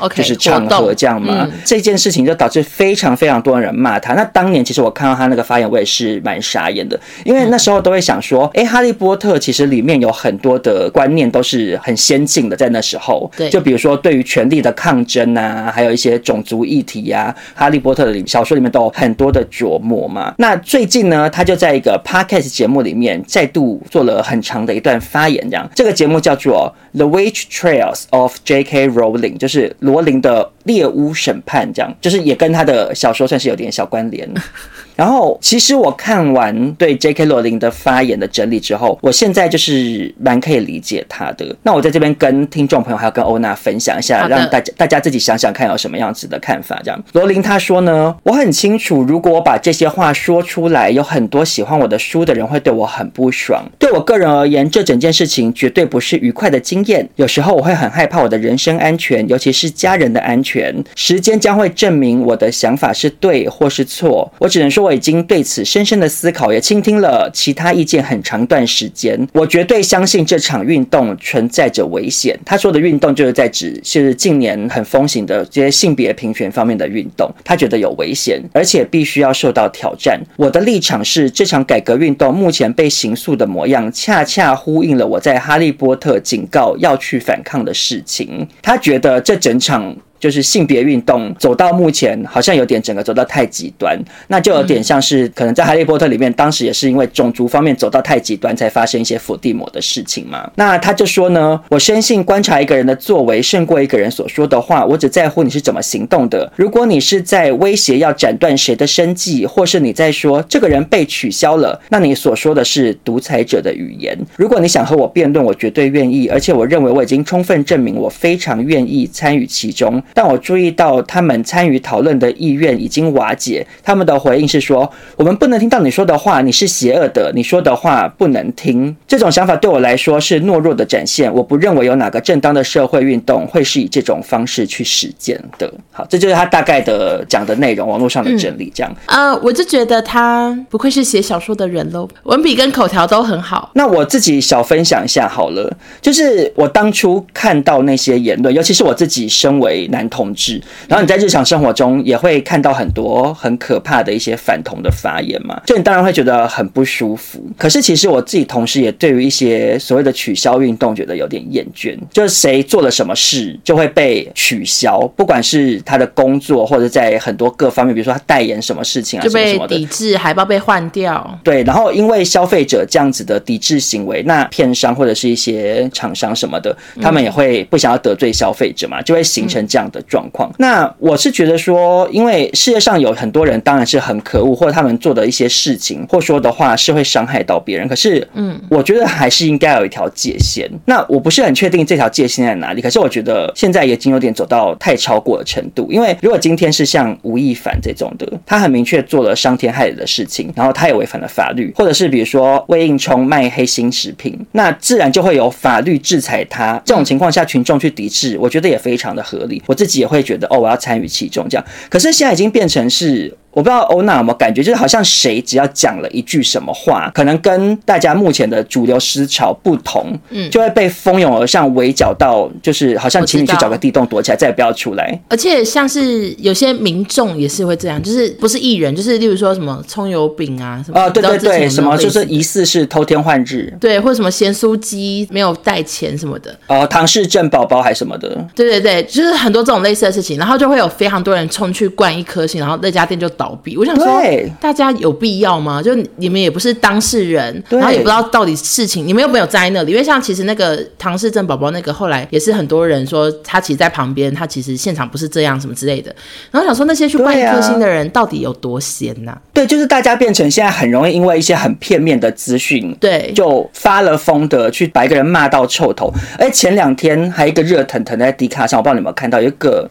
些就是場合這樣嗎？這件事情就導致非常。非常非常多的人罵他。那當年其實我看到他那個發言，我也是蠻傻眼的，因為那時候都會想說：哎、欸，《哈利波特》其實裡面有很多的觀念都是很先進的，在那時候，對，就比如說對於權力的抗爭啊，還有一些種族議題呀、啊，《哈利波特》裡小說裡面都有很多的琢磨嘛。那最近呢，他就在一個 podcast 節目裡面再度做了很長的一段發言，這樣，這個節目叫做《The Witch Trials of J.K. Rowling》，就是羅琳的獵巫審判，這樣，就是也跟他的。小說算是有點小關聯。 [LAUGHS] 然後，其實我看完對 J.K. 羅琳的發言的整理之後，我現在就是蠻可以理解她的。那我在這邊跟聽眾朋友還有跟歐娜分享一下，好的。讓大家大家自己想想看有什麼樣子的看法，這樣。羅琳她說呢，我很清楚，如果我把這些話說出來，有很多喜歡我的書的人會對我很不爽。對我個人而言，這整件事情絕對不是愉快的經驗。有時候我會很害怕我的人身安全，尤其是家人的安全。時間將會證明我的想法是對或是錯。我只能說。我已經對此深深的思考，也傾聽了其他意見很長段時間。我絕對相信這場運動存在着危險。他說的運動就是在指、就是近年很風行的這些性別平權方面的運動。他覺得有危險，而且必須要受到挑戰。我的立場是，這場改革運動目前被形塑的模樣，恰恰呼應了我在《哈利波特》警告要去反抗的事情。他覺得這整場。就是性別運動走到目前，好像有點整個走到太極端，那就有點像是可能在《哈利波特》裡面，當時也是因為種族方面走到太極端，才發生一些伏地魔的事情嘛。那他就說呢：“我深信觀察一個人的作為勝過一個人所說的話，我只在乎你是怎麼行動的。如果你是在威脅要斬斷誰的生計，或是你在說這個人被取消了，那你所說的是獨裁者的語言。如果你想和我辯論，我絕對願意，而且我認為我已經充分證明我非常願意參與其中。”但我注意到他們參與討論的意願已經瓦解，他們的回應是說：“我們不能聽到你說的話，你是邪惡的，你說的話不能聽。”這種想法對我來說是懦弱的展現。我不認為有哪個正當的社會運動會是以這種方式去實踐的。好，這就是他大概的講的內容，網絡上的整理這樣。啊，嗯，呃，我就覺得他不愧是寫小說的人嘍，文筆跟口條都很好。那我自己小分享一下好了，就是我當初看到那些言論，尤其是我自己身為。男同志，然後你在日常生活中也會看到很多很可怕的一些反同的發言嘛，就你當然會覺得很不舒服。可是其實我自己同時也對於一些所謂的取消運動覺得有點厭倦，就是誰做了什麼事就會被取消，不管是他的工作或者在很多各方面，比如說他代言什麼事情啊什麼什麼，就被抵制，海報被換掉。對，然後因為消費者這樣子的抵制行為，那片商或者是一些廠商什麼的，他們也會不想要得罪消費者嘛，就會形成這樣，嗯的狀況，那我是覺得說，因為世界上有很多人當然是很可惡，或者他們做的一些事情，或說的話是會傷害到別人。可是，嗯，我覺得還是應該有一條界限。嗯、那我不是很確定這條界限在哪裡，可是我覺得現在也已經有點走到太超過的程度。因為如果今天是像吳亦凡這種的，他很明確做了傷天害理的事情，然後他也違反了法律，或者是比如說魏應充賣黑心食品，那自然就會有法律制裁他。這種情況下，群眾去抵制，我覺得也非常的合理。我自己也會覺得，哦，我要參與其中，這樣。可是現在已經變成是。我不知道歐娜有沒有感覺，就是好像誰只要講了一句什麼話，可能跟大家目前的主流思潮不同，嗯，就會被蜂擁而上圍剿到，就是好像請你去找個地洞躲起來，再也不要出來。而且像是有些民眾也是會這樣，就是不是藝人，就是例如說什麼蔥油餅啊，什麼啊，對對對，什麼就是疑似是偷天換日，對，或者什麼鹹酥雞沒有帶錢什麼的，哦、唐氏症寶寶還什麼的，對對對，就是很多這種類似的事情，然後就會有非常多人衝去灌一顆星，然後那家店就倒。倒閉，我想說，大家有必要嗎？對就你們也不是當事人，對然後也不知道到底事情，你們有沒有在那裡？因為像其實那個唐氏症寶寶那個，後來也是很多人說他其實在旁邊，他其實現場不是這樣什麼之類的。然後我想說那些去怪一顆星的人到底有多閒吶、啊啊？對，就是大家變成現在很容易因為一些很片面的資訊，對，就發了瘋的去把一個人罵到臭頭。而且前兩天還一個熱騰騰的在 Dcard 上，我不知道你們有沒有看到有一個。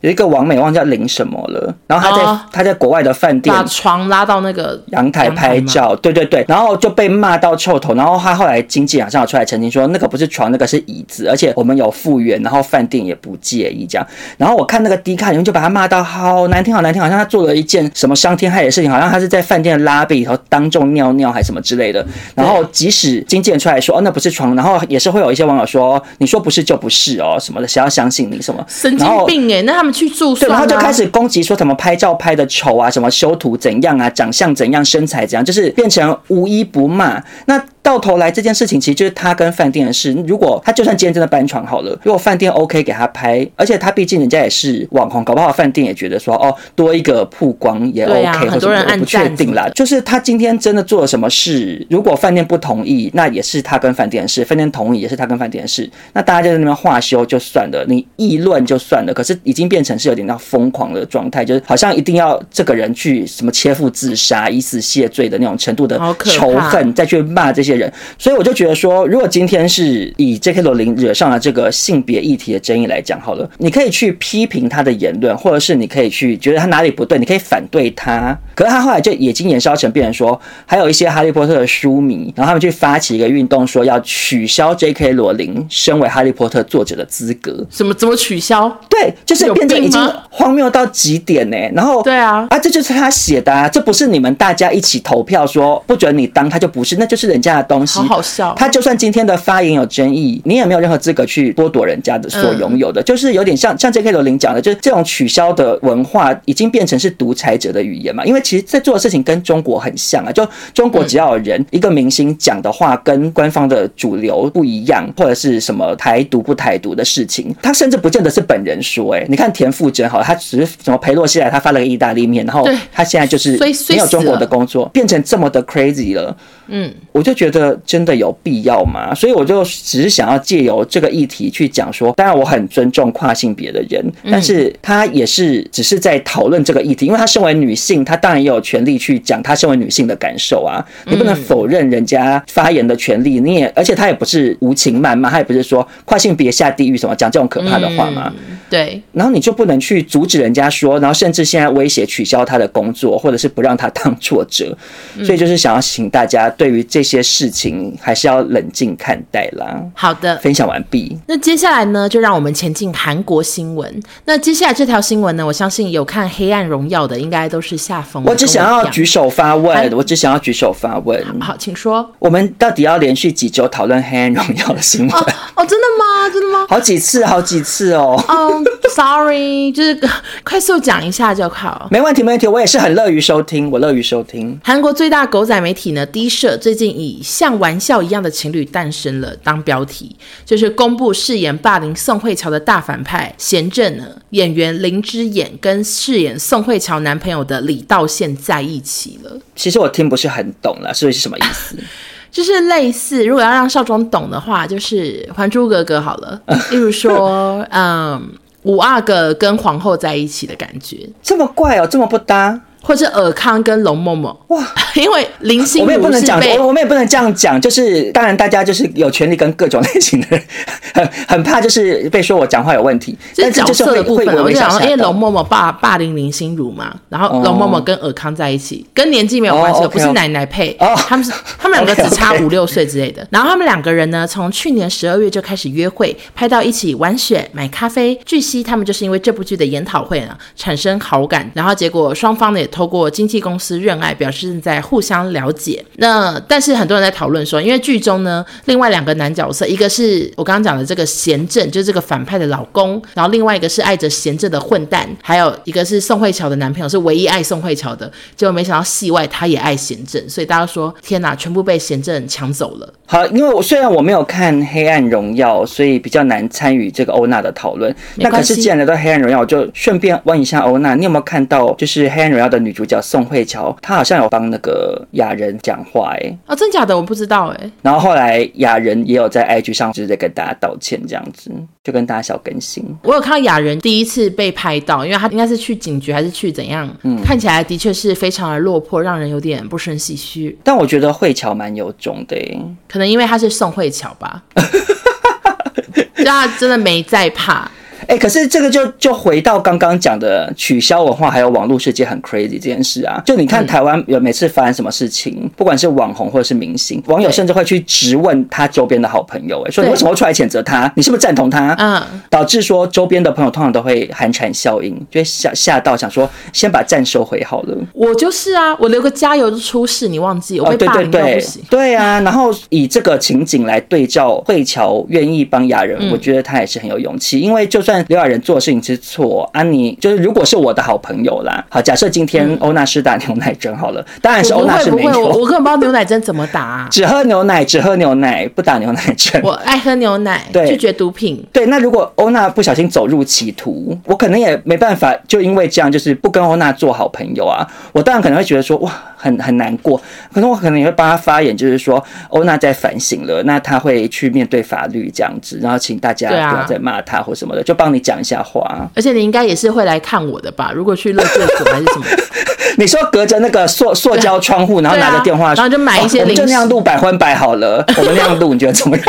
有一個網美忘記叫林什麼了，然後他在、oh, 他在國外的飯店把床拉到那個陽台拍照，對對對，然後就被罵到臭頭。然後他後來經紀人好像有出來澄清說，那個不是床，那個是椅子，而且我們有復原，然後飯店也不介意這樣。然後我看那個 Dcard，然後就把他罵到、哦、好難聽，好難聽，好像他做了一件什麼傷天害理的事情，好像他是在飯店的 Lobby 裡頭當眾尿尿還什麼之類的。然後即使經紀人出來說哦，那不是床，然後也是會有一些網友說，你說不是就不是哦什麼的，誰要相信你什麼？神經病誒、欸，那他。對，然後就開始攻擊說什麼拍照拍的醜啊，什麼修圖怎樣啊，長相怎樣，身材怎樣，就是變成無一不罵。那。到頭來，這件事情其實就是他跟飯店的事。如果他就算今天真的搬床好了，如果飯店 OK 給他拍，而且他畢竟人家也是網紅，搞不好飯店也覺得說哦，多一個曝光也 OK，啊、或者什麼、很多人按讚、我不確定啦，就是他今天真的做了什麼事，如果飯店不同意，那也是他跟飯店的事；飯店同意，也是他跟飯店的事。那大家就在那邊化修就算了，你議論就算了。可是已經變成是有點到瘋狂的狀態，就是好像一定要這個人去什麼切腹自殺、以死謝罪的那種程度的仇恨，可再去罵這些。所以我就覺得說，如果今天是以 J.K. 羅琳惹上了這個性別議題的爭議來講好了，你可以去批評他的言論，或者是你可以去覺得他哪裡不對，你可以反對他。可是他後來就已經演燒成變成說，還有一些哈利波特的書迷，然後他們去發起一個運動，說要取消 J.K. 羅琳身為哈利波特作者的資格。什麼？怎麼取消？對，就是變成已經荒謬到極點呢、欸。然後，對啊，啊，這就是他寫的，啊，這不是你們大家一起投票說不准你當，他就不是，那就是人家。東西好好笑，他就算今天的發言有爭議，你也沒有任何資格去剝奪人家的所擁有的，嗯、就是有點像像 J.K. 羅琳講的，就是這種取消的文化已經變成是獨裁者的語言嘛？因為其實在做的事情跟中國很像啊，就中國只要有人，嗯、一個明星講的話跟官方的主流不一樣，或者是什麼台獨不台獨的事情，他甚至不見得是本人說、欸。哎，你看田馥甄好了，他只是什麼裴洛西來，他發了個意大利麵，對然後他現在就是沒有中國的工作，變成這麼的 crazy 了。嗯，我就覺得。覺得真的有必要嗎？所以我就只是想要借由這個議題去講說，當然我很尊重跨性別的人，但是他也是只是在討論這個議題，嗯、因為他身為女性，她當然也有權利去講她身為女性的感受啊，你不能否認人家發言的權利，嗯、你也而且他也不是無情謾罵，他也不是說跨性別下地獄什麼講這種可怕的話嘛，嗯、對，然後你就不能去阻止人家說，然後甚至現在威脅取消他的工作，或者是不讓他當作者，所以就是想要請大家對於這些事。事情還是要冷靜看待啦。好的，分享完畢。那接下來呢，就讓我們前進韓國新聞。那接下來這條新聞呢，我相信有看《黑暗榮耀》的，應該都是下風。我只想要舉手發問，還我只想要舉手發問。好，好，請說。我們到底要連續幾週討論《黑暗榮耀》的新聞？哦，哦，真的嗎？真的嗎？好幾次，好幾次哦。嗯，um, sorry， [LAUGHS] 就是快速講一下就好。沒問題，沒問題。我也是很樂於收聽，我樂於收聽。韓國最大狗仔媒體呢，D 社最近以像玩笑一樣的情侶誕生了，當標題，就是公布飾演霸凌宋慧喬的大反派涎鎮呢，演員林智妍，跟飾演宋慧喬男朋友的李到晛，在一起了。其實我聽不是很懂了，所以是什麼意思？ [LAUGHS] 就是類似，如果要讓劭中懂的話，就是《還珠格格》好了。例如說，嗯，五阿哥跟皇後在一起的感覺，這麼怪哦，這麼不搭。或者爾康跟龍嬤嬤。哇，因為林心如，我們也不能講，我們也不能這樣講，就是當然大家就是有權利跟各種類型的人，很很怕就是被說我講話有問題。這是角色的部分。然後因為龍嬤嬤霸霸凌林心如嘛，然後龍嬤嬤跟爾康在一起，跟年紀沒有關係，不是奶奶配，他們是他們兩個只差五六歲之類的。然後他們兩個人呢，從去年十二月就開始約會，拍到一起玩雪、買咖啡。據悉，他們就是因為這部劇的研討會呢產生好感，然後結果雙方呢也。透過經紀公司認愛，表示在互相了解。那但是很多人在討論說，因為劇中呢，另外兩個男角色，一個是我剛剛講的這個賢鎮，就是這個反派的老公，然後另外一個是愛着賢鎮的混蛋，還有一個是宋慧喬的男朋友，是唯一愛宋慧喬的。結果沒想到戲外他也愛賢鎮，所以大家說天哪，啊，全部被賢鎮搶走了。好，因為我雖然我沒有看《黑暗榮耀》，所以比較難參與這個歐娜的討論。那可是既然來到《黑暗榮耀》，就順便問一下歐娜，你有沒有看到就是《黑暗榮耀》的？女主角宋慧喬，她好像有幫那個雅人講話、欸，哎，啊，真假的我不知道、欸，哎。然後後來雅人也有在 IG 上，就是跟大家道歉這樣子，就跟大家小更新。我有看到雅人第一次被拍到，因為他應該是去警局還是去怎樣，嗯、看起來的確是非常的落魄，讓人有點不勝唏噓。但我覺得慧喬蠻有種的、欸，可能因為她是宋慧喬吧，哈哈她真的沒在怕。哎、欸，可是這個就就回到剛剛講的取消文化，還有網絡世界很 crazy 這件事啊。就你看台灣有每次發生什麼事情，嗯、不管是網紅或者是明星，對網友甚至會去質問他周邊的好朋友、欸，哎對，說你為什麼會出來譴責他？你是不是贊同他？嗯，導致說周邊的朋友通常都會寒蟬效應，就嚇嚇到想說先把讚收回好了。我就是啊，我留個加油的出事，你忘記我被霸凌不行，哦、對，對，對。嗯、對啊，然後以這個情景來對照慧喬願意幫雅人，嗯、我覺得他也是很有勇氣，因為就算。劉亞仁做事情是錯，安、啊、妮就是如果是我的好朋友啦，好，假設今天歐娜是打牛奶針好了，嗯、當然是歐娜是沒錯，我根本不知道牛奶針怎麼打、啊， [LAUGHS] 只喝牛奶，只喝牛奶，不打牛奶針，我愛喝牛奶，對拒絕毒品，對。那如果歐娜不小心走入歧途，我可能也沒辦法，就因為這樣，就是不跟歐娜做好朋友啊，我當然可能會覺得說哇，很很難過，可能我可能也會幫她發言，就是說歐娜在反省了，那她會去面對法律這樣子，然後請大家不要再罵她或什麼的，就幫、啊。幫你講一下話，而且你應該也是會來看我的吧？如果去勒戒所還是什麼？ [LAUGHS] 你說隔着那個塑塑膠窗戶，然後拿着電話、啊，然後就買一些零、哦，我們就那樣錄百分百好了。 [LAUGHS] 我們那樣錄你覺得怎麼樣？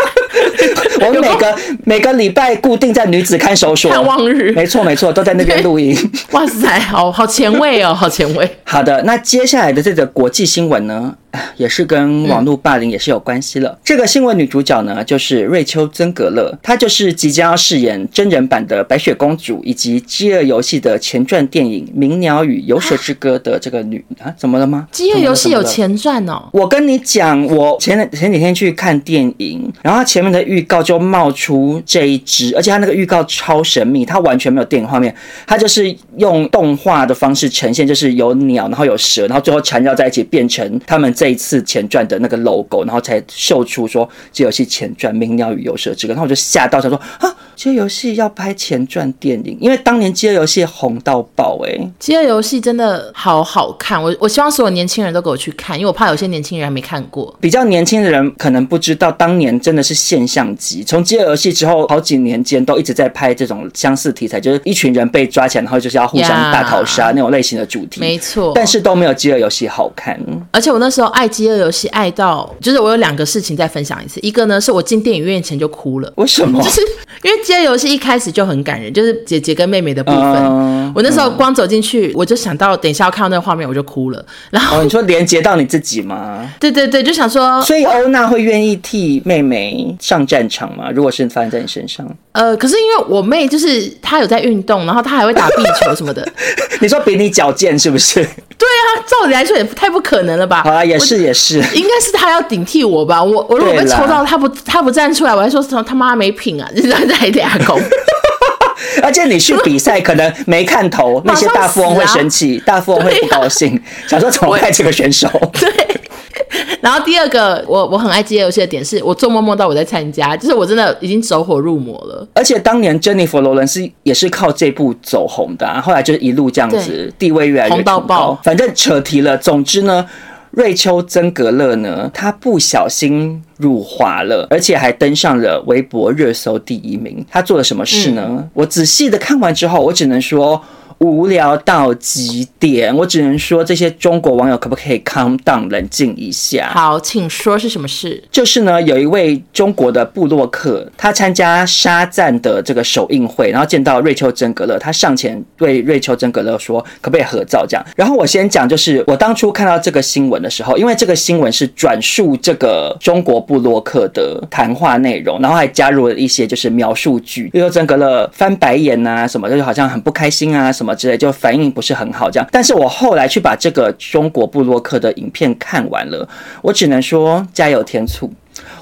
[LAUGHS] 我們每個光每個禮拜固定在女子看守所看望日，沒錯沒錯，都在那邊錄音。哇塞，好好前衛哦，好前衛。好的，那接下來的這個國際新聞呢？也是跟網絡霸凌也是有關係了。嗯、這個新聞女主角呢，就是瑞秋·曾格勒，她就是即將要飾演真人版的白雪公主，以及《飢餓遊戲》的前傳電影《鳴鳥與遊蛇之歌》的這個女啊，啊怎麼了嗎？了《飢餓遊戲》有前傳哦。我跟你講，我前前幾天去看電影，然後前面的預告就冒出這一支，而且它那個預告超神秘，它完全沒有電影畫面，它就是用動畫的方式呈現，就是有鳥，然後有蛇，然後最後纏繞在一起變成他們在。這一次前傳的那個 logo，然後才秀出說這遊戲前傳鳴鳥與游蛇之歌，然後我就嚇到，想說啊。《飢餓遊戲》要拍前傳電影，因為當年《飢餓遊戲》紅到爆哎、欸，《飢餓遊戲》真的好好看，我我希望所有年輕人都給我去看，因為我怕有些年輕人還沒看過。比較年輕的人可能不知道，當年真的是現象級。從《飢餓遊戲》之後，好幾年間都一直在拍這種相似題材，就是一群人被抓起來，然後就是要互相大逃殺 yeah, 那種類型的主題。沒錯。但是都沒有《飢餓遊戲》好看。而且我那時候愛《飢餓遊戲》愛到，就是我有兩個事情再分享一次。一個呢，是我進電影院前就哭了。為什麼？ [LAUGHS] 就是因為。這遊戲一開始就很感人，就是姐姐跟妹妹的部分。嗯、我那時候光走進去，嗯、我就想到等一下要看到那個畫面，我就哭了。然後、哦、你說連接到你自己嗎？對對對，就想說，所以歐娜會願意替妹妹上戰場嗎？如果是發生在你身上，呃，可是因為我妹就是她有在運動，然後她還會打壁球什麼的。 [LAUGHS] 你說比你矯健是不是？對啊，照理來說也太不可能了吧？好啊，也是我也是，應該是她要頂替我吧？我我如果被抽到，啦她不她不站出來，我還說什麼他媽沒品啊！在在。 [LAUGHS] 而且你去比賽可能沒看頭， [LAUGHS] 那些大富翁會生氣，啊、大富翁會不高興，啊、想說淘汰這個選手。我 [LAUGHS] 對，然後第二個，我我很愛飢餓遊戲的點是，我做夢夢到我在參加，就是我真的已經走火入魔了。而且當年 Jennifer 羅倫斯也是靠這部走紅的、啊，後來就是一路這樣子，對地位越來越紅到爆高。反正扯題了，總之呢。瑞秋·曾格勒呢？他不小心辱華了，而且還登上了微博熱搜第一名。他做了什麼事呢？嗯、我仔細的看完之後，我只能說。無聊到極點，我只能說這些中國網友可不可以 calm down 冷靜一下？好，請說是什麼事？就是呢，有一位中國的部落客，他參加沙贊的這個首映會，然後見到瑞秋·珍格勒，他上前對瑞秋·珍格勒說：“可不可以合照？”這樣。然後我先講，就是我當初看到這個新聞的時候，因為這個新聞是轉述這個中國部落客的談話內容，然後還加入了一些就是描述句，瑞秋·珍格勒翻白眼啊什麼，就好像很不開心啊什麼。什麼之類，就反應不是很好，這樣。但是我後來去把這個中國部落客的影片看完了，我只能說加油添醋。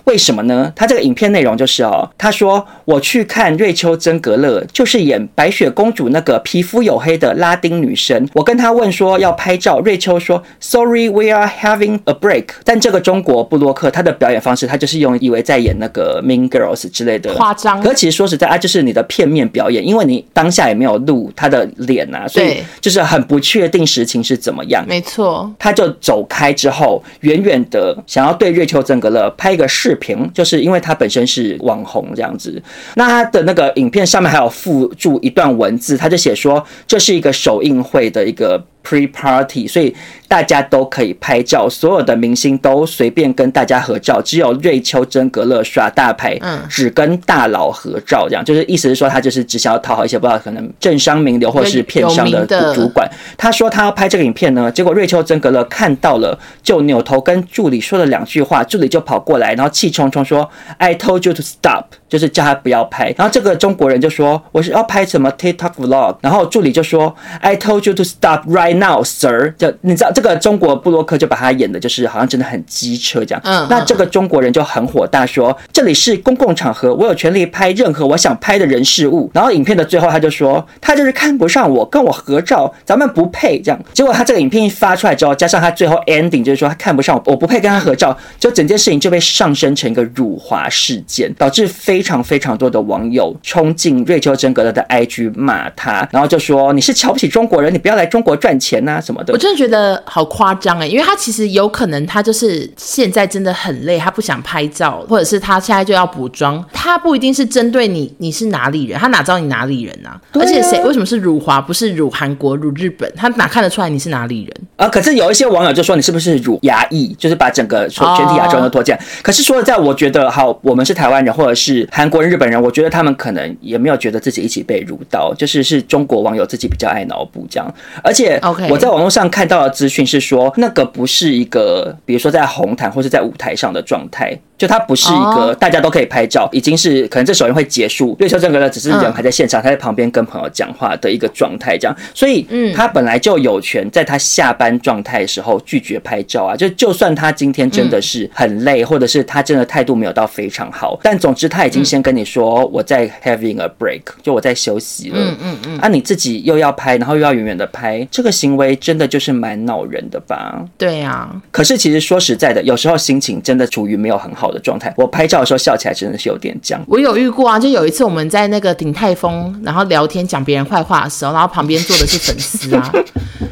為什麼呢？他這個影片內容就是哦，他說我去看瑞秋·曾格勒，就是演白雪公主那個皮膚黝黑的拉丁女生。我跟他問說要拍照，瑞秋說 Sorry, we are having a break，但這個中國部落客他的表演方式，他就是用以為在演那個 Mean Girls 之類的誇張。妝可是其實說實在啊，就是你的片面表演，因為你當下也沒有錄他的臉吶、啊，對所以就是很不確定實情是怎麼樣。沒錯錯，他就走開之後，遠遠的想要對瑞秋·曾格勒拍一個。視頻就是因為他本身是網紅這樣子，那他的那個影片上面還有附注一段文字，他就寫說，這是一個首映會的一個。Pre-party，所以大家都可以拍照，所有的明星都隨便跟大家合照，只有瑞秋·珍格勒耍大牌，只跟大佬合照。這樣、嗯、就是意思是說，他就是只想要討好一些不知道可能政商名流或是片商的主管。他說他要拍這個影片呢，結果瑞秋·珍格勒看到了，就扭頭跟助理說了兩句話，助理就跑過來，然後氣沖沖說：“I told you to stop”，就是叫他不要拍。然後這個中國人就說：“我是要拍什麼 TikTok vlog”，然後助理就說：“I told you to stop writing”。鬧 sir 就你知道這個中國部落客就把他演的就是好像真的很機車這樣，嗯、uh，huh. 那這個中國人就很火大說這裡是公共場合，我有權利拍任何我想拍的人事物。然後影片的最後他就說他就是看不上我，跟我合照，咱們不配這樣。結果他這個影片一發出來之後，加上他最後 ending 就是說他看不上我，我不配跟他合照，就整件事情就被上升成一個辱華事件，導致非常非常多的網友衝進瑞秋·真格的,的 IG 罵他，然後就說你是瞧不起中國人，你不要來中國賺錢。錢啊什麼的，我真的覺得好誇張哎，因為他其實有可能他就是現在真的很累，他不想拍照，或者是他現在就要補妝，他不一定是針對你，你是哪裡人，他哪知道你哪裡人啊？啊而且誰為什麼是辱華，不是辱韓國、辱日本，他哪看得出來你是哪裡人啊？可是有一些網友就說你是不是辱亞裔，就是把整個全體亞洲人都拖進來。Oh. 可是說在，我覺得好，我們是台灣人或者是韓國人、日本人，我覺得他們可能也沒有覺得自己一起被辱到，就是是中國網友自己比較愛腦補這樣，而且。Okay, 我在網絡上看到的資訊是說，那個不是一個，比如說在紅毯或是在舞台上的狀態，就它不是一個大家都可以拍照，已經是可能這首映會結束，瑞秋·曾格勒呢只是人還在現場，他在旁邊跟朋友講話的一個狀態這樣，所以，嗯，他本來就有權在他下班狀態的時候拒絕拍照啊，就就算他今天真的是很累，或者是他真的態度沒有到非常好，但總之他已經先跟你說，我在 having a break，就我在休息了，嗯嗯嗯，啊你自己又要拍，然後又要遠遠的拍這個。行為真的就是蠻惱人的吧？對呀、啊。可是其實說實在的，有時候心情真的處於沒有很好的狀態。我拍照的時候笑起來真的是有點僵。我有遇過啊，就有一次我們在那個鼎泰豐，然後聊天講別人壞話的時候，然後旁邊坐的是粉絲啊。 [LAUGHS]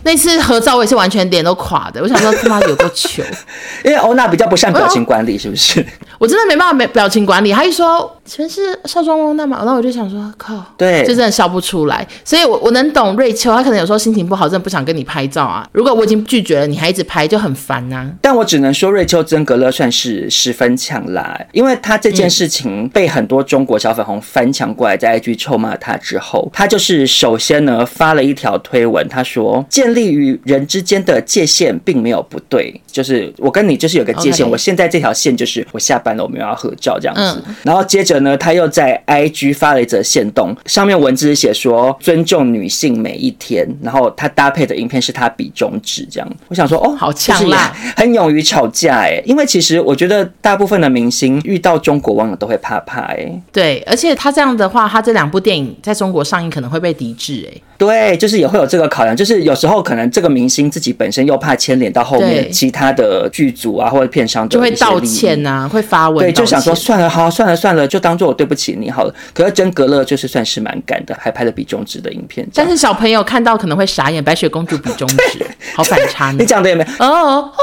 那次合照我也是完全臉都垮的，我想說他媽有多糗。 [LAUGHS] 因為歐娜比較不善表情管理，是不是？啊我真的沒辦法沒表情管理，他一說全是少裝翁那嘛，那麼，然後我就想說靠，對，就真的笑不出來。所以我，我我能懂瑞秋，她可能有時候心情不好，真的不想跟你拍照啊。如果我已經拒絕了，你還一直拍，就很煩吶、啊。但我只能說，瑞秋曾格勒算是十分強啦，因為他這件事情被很多中國小粉紅翻牆過來在 IG 臭罵他之後，他、嗯、就是首先呢發了一條推文，他說建立於人之間的界限並沒有不對，就是我跟你就是有個界限，Okay. 我現在這條線就是我下班。我們要合照這樣子，然後接着呢，他又在 IG 發了一則限動，上面文字寫說“尊重女性每一天”，然後他搭配的影片是他比中指這樣。我想說，哦，好嗆啊。很勇於吵架哎、欸。因為其實我覺得大部分的明星遇到中國網友都會怕怕哎、欸。對，而且他這樣的話，他這兩部電影在中國上映可能會被抵制哎。對，就是也會有這個考量，就是有時候可能這個明星自己本身又怕牽連到後面其他的劇組啊或者片商，就會道歉啊，會發。啊、對，就想說算了，好算了，算了，就當做我對不起你好了。可是真格勒就是算是蠻敢的，還拍了比中指的影片。但是小朋友看到可能會傻眼，白雪公主比中指， [LAUGHS] 對 好反差呢。你講的有沒有？Oh, oh.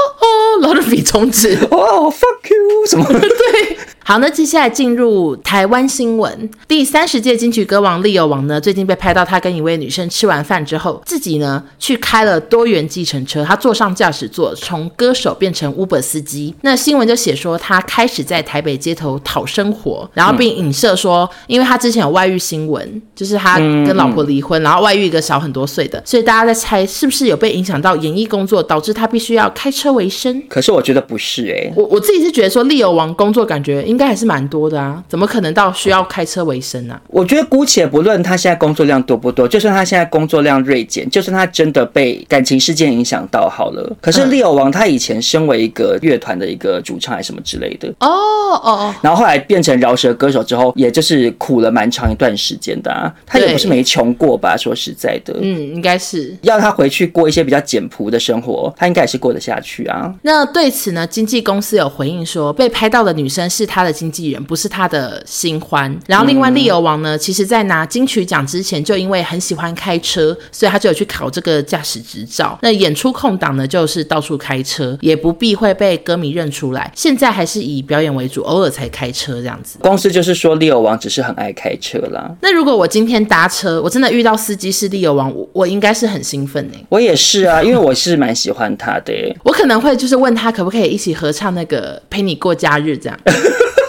Lottery 終止哦，fuck you 什麼？ [LAUGHS] 對，好，那接下來進入台灣新聞。第三十屆金曲歌王 Leo 王呢，最近被拍到他跟一位女生吃完飯之後，自己呢去開了多元計程車，他坐上駕駛座，從歌手變成 Uber 司機。那新聞就寫說他開始在台北街頭討生活，然後並影射說，因為他之前有外遇新聞，就是他跟老婆離婚，然後外遇一個小很多歲的，所以大家在猜是不是有被影響到演藝工作，導致他必須要開車為生。可是我覺得不是哎、欸，我我自己是覺得說 Leo 王工作感覺應該還是蠻多的啊，怎麼可能到需要開車為生呢、啊？我覺得姑且不論他現在工作量多不多，就算他現在工作量銳減，就算他真的被感情事件影響到好了。可是 Leo 王他以前身為一個樂團的一個主唱還是什麼之類的哦哦哦，嗯、然後後來變成饒舌歌手之後，也就是苦了蠻長一段時間的啊，他也不是沒窮過吧？對說實在的，嗯，應該是要他回去過一些比較簡樸的生活，他應該也是過得下去啊。那對此呢，經紀公司有回應說，被拍到的女生是他的經紀人，不是他的新歡。然後另外 Leo 王呢，其實在拿金曲獎之前，就因為很喜歡開車，所以他就有去考這個駕駛執照。那演出空檔呢，就是到處開車，也不必會被歌迷認出來。現在還是以表演為主，偶爾才開車這樣子。公司就是說 Leo 王只是很愛開車啦。那如果我今天搭車，我真的遇到司機是 Leo 王，我我應該是很興奮呢、欸。我也是啊，因為我是蠻喜歡他的， [LAUGHS] 我可能會就是。問他可不可以一起合唱那個《陪你過假日》這樣。 [LAUGHS]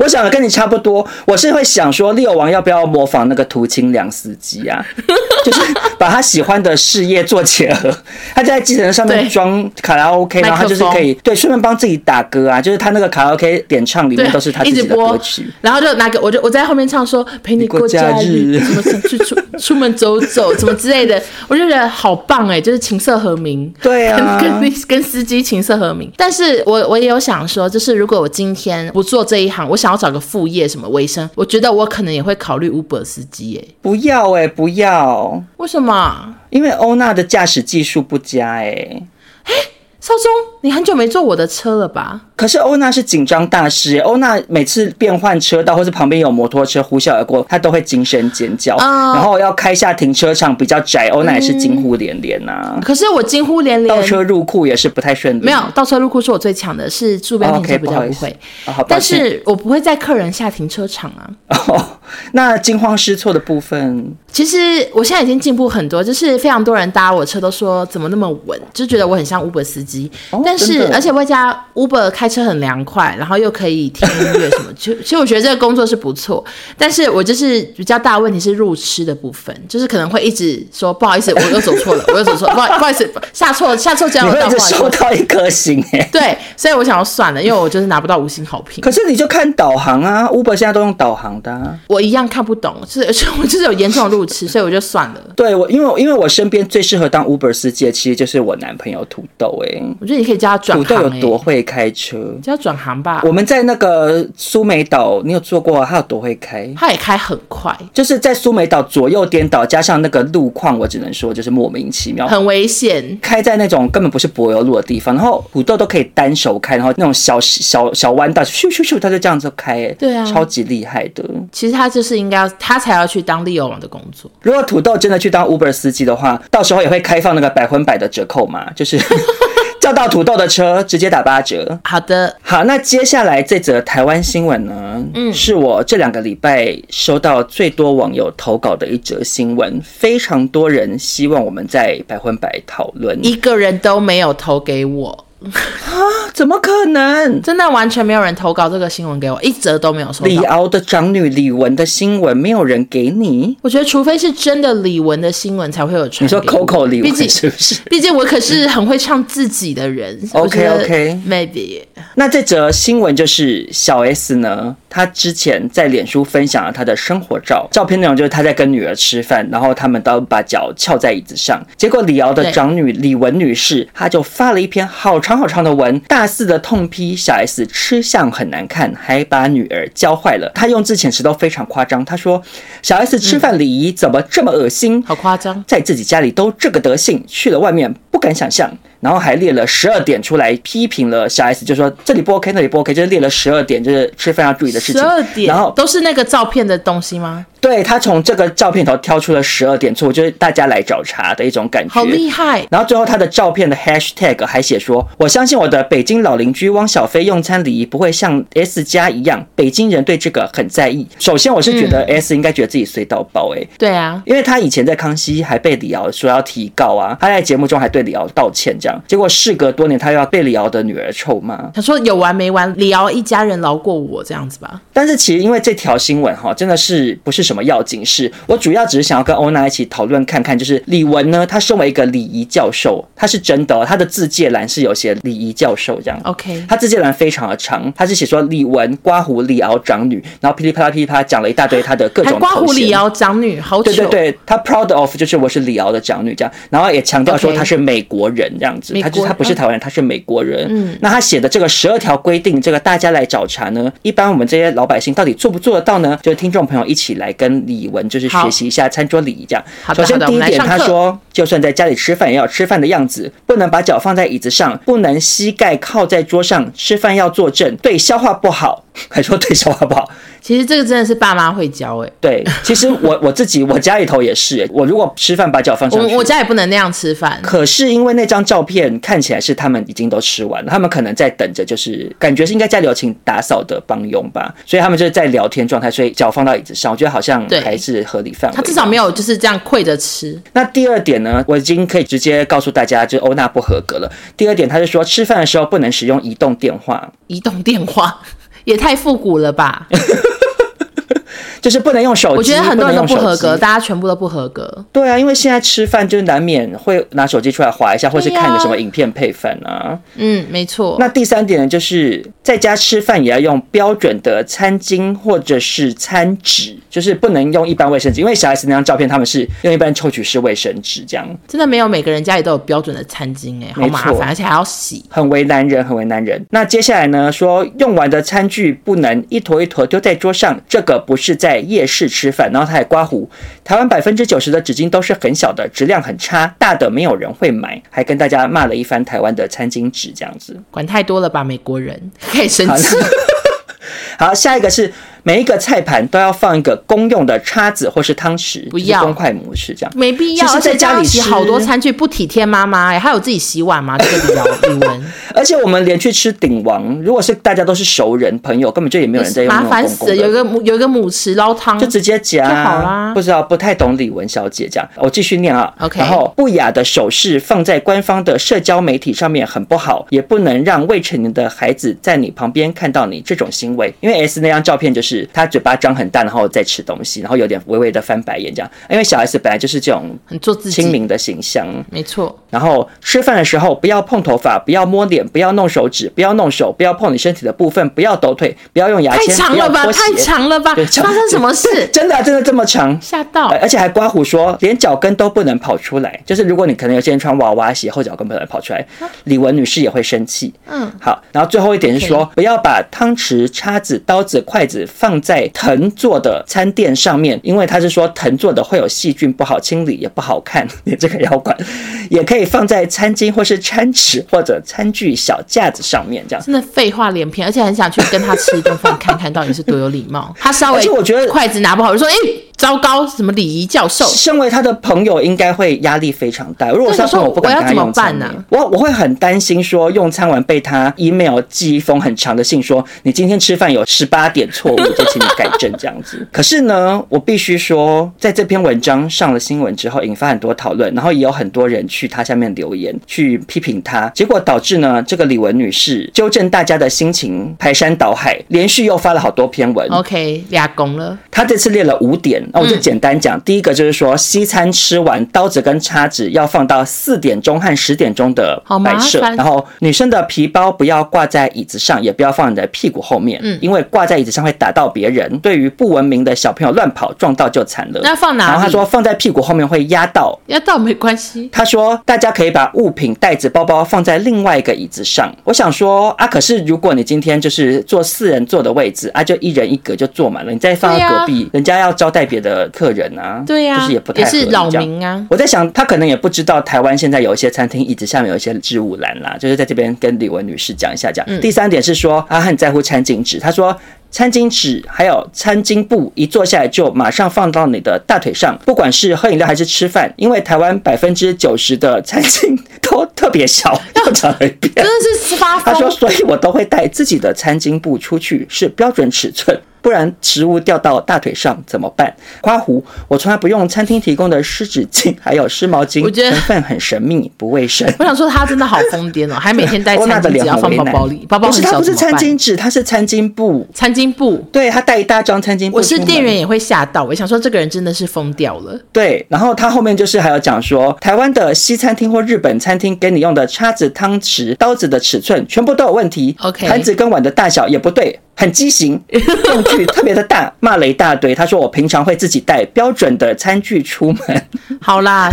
我想的跟你差不多，我是會想說，Leo 王要不要模仿那個塗清涼司機啊？就是把他喜歡的事業做結合，他在計程車上面裝卡拉 OK，然後他就是可以對，順便幫自己打歌啊。就是他那個卡拉 OK 點唱裡面都是他自己的歌曲，然後就拿個我就我在後面唱說陪你過假日，什麼去出出門走走，怎麼之類的，我就覺得好棒哎、欸，就是琴瑟和鳴，對啊，跟跟司機琴瑟和鳴。但是我我也有想說，就是如果我今天不做這一行，我想。想要找個副業，什麼衛生？我覺得我可能也會考慮 Uber 司機、欸。不要誒、欸，不要！為什麼？因為歐娜的駕駛技術不佳、欸。誒。劭中，你很久沒坐我的車了吧？可是歐娜是緊張大師，歐娜每次變換車道或者旁邊有摩托車呼嘯而過，她都會驚聲尖叫，uh, 然後要開下停車場比較窄，歐娜、嗯、也是驚呼連連吶、啊。可是我驚呼連連，倒車入庫也是不太順利、啊。沒有，倒車入庫是我最強的是，是路邊停車比較不會。但是，我不會在客人下停車場啊。哦，那驚慌失措的部分。其實我現在已經進步很多，就是非常多人搭我車都說怎麼那麼穩，就覺得我很像 Uber 司機。哦、但是的而且外加 Uber 開車很涼快，然後又可以聽音樂什麼，就其實我覺得這個工作是不錯。但是我就是比較大問題是路痴的部分，就是可能會一直說不好意思，我又走錯了，我又走錯， [LAUGHS] 不好意思下錯下錯，這樣就收到一顆星哎。對，所以我想要算了，因為我就是拿不到五星好評。可是你就看導航啊，Uber 現在都用導航的、啊，我一樣看不懂，就是而且我就是有嚴重的路。所以我就算了。對我，因為因為我身邊最適合當 Uber 司機的，其實就是我男朋友土豆、欸。哎，我覺得你可以叫他轉行、欸。土豆有多會開車？叫他轉行吧。我們在那個蘇梅島，你有坐過、啊？他有多會開？他也開很快，就是在蘇梅島左右顛倒，加上那個路況，我只能說就是莫名其妙，很危險。開在那種根本不是柏油路的地方，然後土豆都可以單手開，然後那種小小小，小彎道咻，咻咻咻，他就這樣子開、欸。對啊，超級厲害的。其實他就是應該他才要去當 Leo 王的工作。如果土豆真的去當 Uber 司機的話，到時候也會開放那個百分百的折扣嘛？就是 [LAUGHS] 叫到土豆的車直接打八折。好的，好，那接下來這則台灣新聞呢？嗯，是我這兩個禮拜收到最多網友投稿的一則新聞，非常多人希望我們在百分百討論，一個人都沒有投給我。啊！怎麼可能？真的完全沒有人投稿這個新聞給我，一則都沒有到。什麼李敖的長女李文的新聞，沒有人給你。我覺得，除非是真的李文的新聞，才會有傳。你說 Coco 李玟是不是？畢竟，畢竟我可是很會唱自己的人。是 OK OK，Maybe okay.。那這則新聞就是小 S 呢，她之前在臉書分享了她的生活照，照片內容就是她在跟女兒吃飯，然後他們都把腳翹在椅子上。結果李敖的長女李文女士，她對就發了一篇好長，好長的文，大肆的痛批小 S 吃相很難看，還把女兒教壞了。她用字遣詞都非常誇張。她說小 S 吃飯禮儀怎麼這麼噁心？嗯、好誇張，在自己家裡都這個德性，去了外面不敢想象。然後還列了十二點出來批評了小 S，就說這裡不 OK，那裡不 OK，就是列了十二點，就是吃飯要注意的事情。十二點，然後都是那個照片的東西嗎？對，他從這個照片頭挑出了十二點錯，就是大家來找茬的一種感覺，好厲害。然後最後他的照片的 hashtag 還寫說，我相信我的北京老鄰居汪小菲用餐禮儀不會像 S 家一樣，北京人對這個很在意。首先我是覺得 S, S,、嗯、S, S 應該覺得自己衰到爆哎，對啊，因為他以前在康熙還被李敖說要提告啊，他在節目中還對李敖道歉這。結果事隔多年，他又要被李敖的女兒臭罵。他說：“有完沒完？李敖一家人饒過我、哦、這樣子吧。”但是其實因為這條新聞哈，真的是不是什麼要緊事。我主要只是想要跟歐娜一起討論看看，就是李文呢，他身為一個禮儀教授，他是真的、哦，他的自介欄是有寫禮儀教授這樣。OK，他自介欄非常的長，他是寫說李文，刮鬍李敖長女，然後噼里啪啦噼里啪啦講了一大堆他的各種頭銜。刮鬍李敖長女，好對對對，他 proud of 就是我是李敖的長女這樣，然後也強調說他是美國人這樣。Okay. 這樣。他就是他不是台灣人，他是美國人。嗯，那他寫的這個十二條規定，這個大家來找茬呢？一般我們這些老百姓到底做不做得到呢？就是聽眾朋友一起來跟李文就是學習一下餐桌禮儀。這樣，好的，好的，我們上課。首先第一點，他說，就算在家裡吃飯，也要吃飯的樣子，不能把腳放在椅子上，不能膝蓋靠在桌上，吃飯要坐正，對消化不好，還說對消化不好。其實這個真的是爸媽會教哎、欸，對，其實我我自己我家裡頭也是、欸，我如果吃飯把腳放上，我我家也不能那樣吃飯。可是因為那張照片看起來是他們已經都吃完了，他們可能在等着，就是感覺是應該在留情打掃的幫傭吧，所以他們就是在聊天狀態，所以腳放到椅子上，我覺得好像還是合理範圍。他至少沒有就是這樣跪着吃。那第二點呢，我已經可以直接告訴大家，就是歐娜不合格了。第二點，他就說吃飯的時候不能使用移動電話，移動電話也太復古了吧。 [LAUGHS] 就是不能用手我覺得很多人都不合格，大家全部都不合格。對啊，因為現在吃飯就是難免會拿手機出來劃一下，啊、或是看個什麼影片配飯啊。嗯，沒錯。那第三點呢，就是在家吃飯也要用標準的餐巾或者是餐紙，就是不能用一般衛生紙，因為小 S 那張照片他們是用一般抽取式衛生紙這樣。真的沒有每個人家裡都有標準的餐巾哎、欸，好麻煩，錯而且還要洗，很為難人，很為難人。那接下來呢，說用完的餐具不能一坨一坨丟在桌上，這個不是在。在夜市吃飯，然後他還刮鬍。台灣百分之九十的紙巾都是很小的，質量很差，大的沒有人會買。還跟大家罵了一番台灣的餐巾紙，這樣子管太多了吧？美國人可以生氣。好， [LAUGHS] 好，下一個是。每一個菜盤都要放一個公用的叉子或是湯匙，不要公筷母匙這樣，沒必要。其實在家裡吃家好多餐具，不體貼媽媽。還有自己洗碗嗎？ [LAUGHS] 這個李文，而且我們連去吃鼎王，如果是大家都是熟人朋友，根本就也沒有人在用弓弓。麻煩死了，有一個有一個母匙撈湯，就直接夾好啦、啊。不知道，不太懂李文小姐這樣。我繼續念啊，OK。然後不雅的手勢放在官方的社交媒體上面很不好，也不能讓未成年的孩子在你旁邊看到你這種行為，因為 S 那張照片就是。他嘴巴張很大，然後在吃東西，然後有點微微的翻白眼這樣。因為小 S 本來就是這種很做自己親民的形象，沒錯。然後吃飯的時候不要碰頭髮，不要摸臉，不要弄手指，不要弄手，不要碰你身體的部分，不要抖腿，不要用牙籤。太長了吧？太長了吧？發生什麼事？真的、啊、真的這麼長？嚇嚇到！而且還刮胡說，連腳跟都不能跑出來。就是如果你可能有些人穿娃娃鞋，後腳跟不能跑出來，李文女士也會生氣。嗯，好。然後最後一點是說，不要把湯匙、叉子、刀子、筷子放。放在藤做的餐墊上面，因為他是說藤做的會有細菌，不好清理，也不好看。你這個妖怪，也可以放在餐巾或是餐匙或者餐具小架子上面，這樣。真的廢話連篇，而且很想去跟他吃一頓飯，看看到底是多有禮貌。他稍微，而且我覺得筷子拿不好的時候，哎、欸。糟糕，什麼禮儀教授？身為他的朋友，應該會壓力非常大。如果說我不管跟他說我要怎麼辦呢、啊？我我會很擔心，說用餐完被他 email 寄一封很長的信說，說你今天吃飯有十八點錯誤，就請你改正這樣子。 [LAUGHS] 可是呢，我必須說，在這篇文章上了新聞之後，引發很多討論，然後也有很多人去他下面留言去批評他，結果導致呢，這個李文女士糾正大家的心情排山倒海，連續又發了好多篇文。OK，倆功了。她這次列了五點。那我就簡單講，嗯、第一個就是說，西餐吃完，刀子跟叉子要放到四點鐘和十點鐘的擺設。然後，女生的皮包不要掛在椅子上，也不要放在屁股後面。嗯，因為掛在椅子上會打到別人。對於不文明的小朋友亂跑撞到就慘了。那放哪？然後他說放在屁股後面會壓到。壓到沒關係。他說大家可以把物品袋子包包放在另外一個椅子上。我想說啊，可是如果你今天就是坐四人座的位置，啊就一人一格就坐滿了，你再放到隔壁，啊、人家要招待別人的客人啊，對呀、啊，就是也不太合是老民啊，我在想，他可能也不知道台灣現在有一些餐廳椅子下面有一些置物籃啦、啊，就是在這邊跟李文女士講一下講。嗯、第三點是說，阿、啊、很在乎餐巾紙，他說餐巾紙還有餐巾布，一坐下來就馬上放到你的大腿上，不管是喝飲料還是吃飯，因為台灣百分之九十的餐巾都特別小。要講 [LAUGHS] 那一遍，真的是發瘋。他說，所以我都會帶自己的餐巾布出去，是標準尺寸。不然食物掉到大腿上怎麼辦？刮胡，我從來不用餐廳提供的濕紙巾，還有濕毛巾，我覺得成分很神秘，不衛生。 [LAUGHS] 我想說他真的好瘋癲哦，還每天帶餐巾要放包包裡，包包不是他不是餐巾紙，他是餐巾布，餐巾布，對他帶一大張餐巾布。我是店員也會嚇到，我想說這個人真的是瘋掉了。對，然後他後面就是還有講說，台灣的西餐廳或日本餐廳給你用的叉子、湯匙、刀子的尺寸全部都有問題。OK，盤子跟碗的大小也不對，很畸形。 [LAUGHS] [LAUGHS] 特別的大罵了一大堆，他說我平常會自己帶標準的餐具出門。 [LAUGHS] 好啦。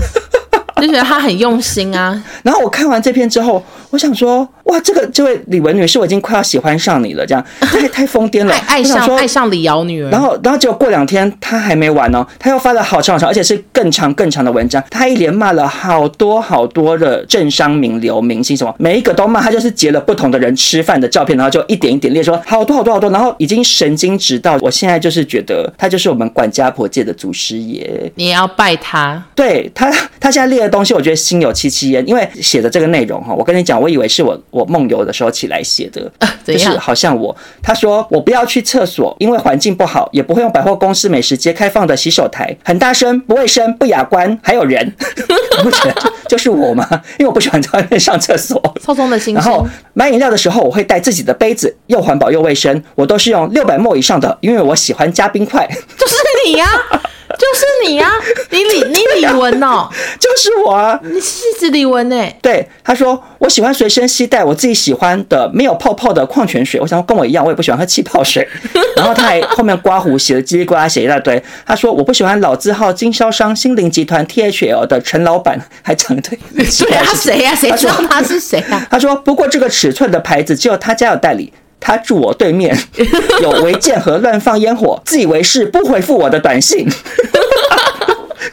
就覺得她很用心啊、哦，然後我看完這篇之後，我想說，哇，這個這位李文女士，我已經快要喜歡上你了，這樣太太瘋癲了，愛上愛上李敖女兒。然後，然後結果過兩天她還沒完呢、哦，她又發了好長好長，而且是更長更長的文章，她一連罵了好多好多的政商名流明星，什麼每一個都罵，她就是截了不同的人吃飯的照片，然後就一點一點列出好多好多好多，然後已經神經質到我現在就是覺得她就是我們管家婆界的祖師爺，你要拜她，對她，她現在列了。東西我覺得心有戚戚焉，因為寫的這個內容哈，我跟你講，我以為是我我夢遊的時候起來寫的，啊、就是好像我他說我不要去廁所，因為環境不好，也不會用百貨公司美食街開放的洗手台，很大聲，不衛生，不雅觀，還有人， [LAUGHS] 就是我嘛， [LAUGHS] 因為我不喜歡在外面上廁所。超鬆的心。然後買飲料的時候，我會帶自己的杯子，又環保又衛生，我都是用 600ml 以上的，因為我喜歡加冰塊。就是。 [LAUGHS] 你呀，啊，就是你呀，李李，你李文哦， [LAUGHS] 就是我，啊。你是李李文呢？欸，對，他說我喜歡隨身攜帶我自己喜歡的沒有泡泡的礦泉水，我想說跟我一樣，我也不喜歡喝氣泡水。然後他還後面刮胡寫的嘰里呱啦寫一大堆， [LAUGHS] 他說我不喜歡老字號經銷商心靈集團 T H L 的陳老板，還長腿。誰呀誰呀？誰知道他是誰呀？啊？他說不過這個尺寸的牌子只有他家有代理。他住我對面，有違建和亂放煙火，自以為是，不回復我的短信 [LAUGHS] ，啊、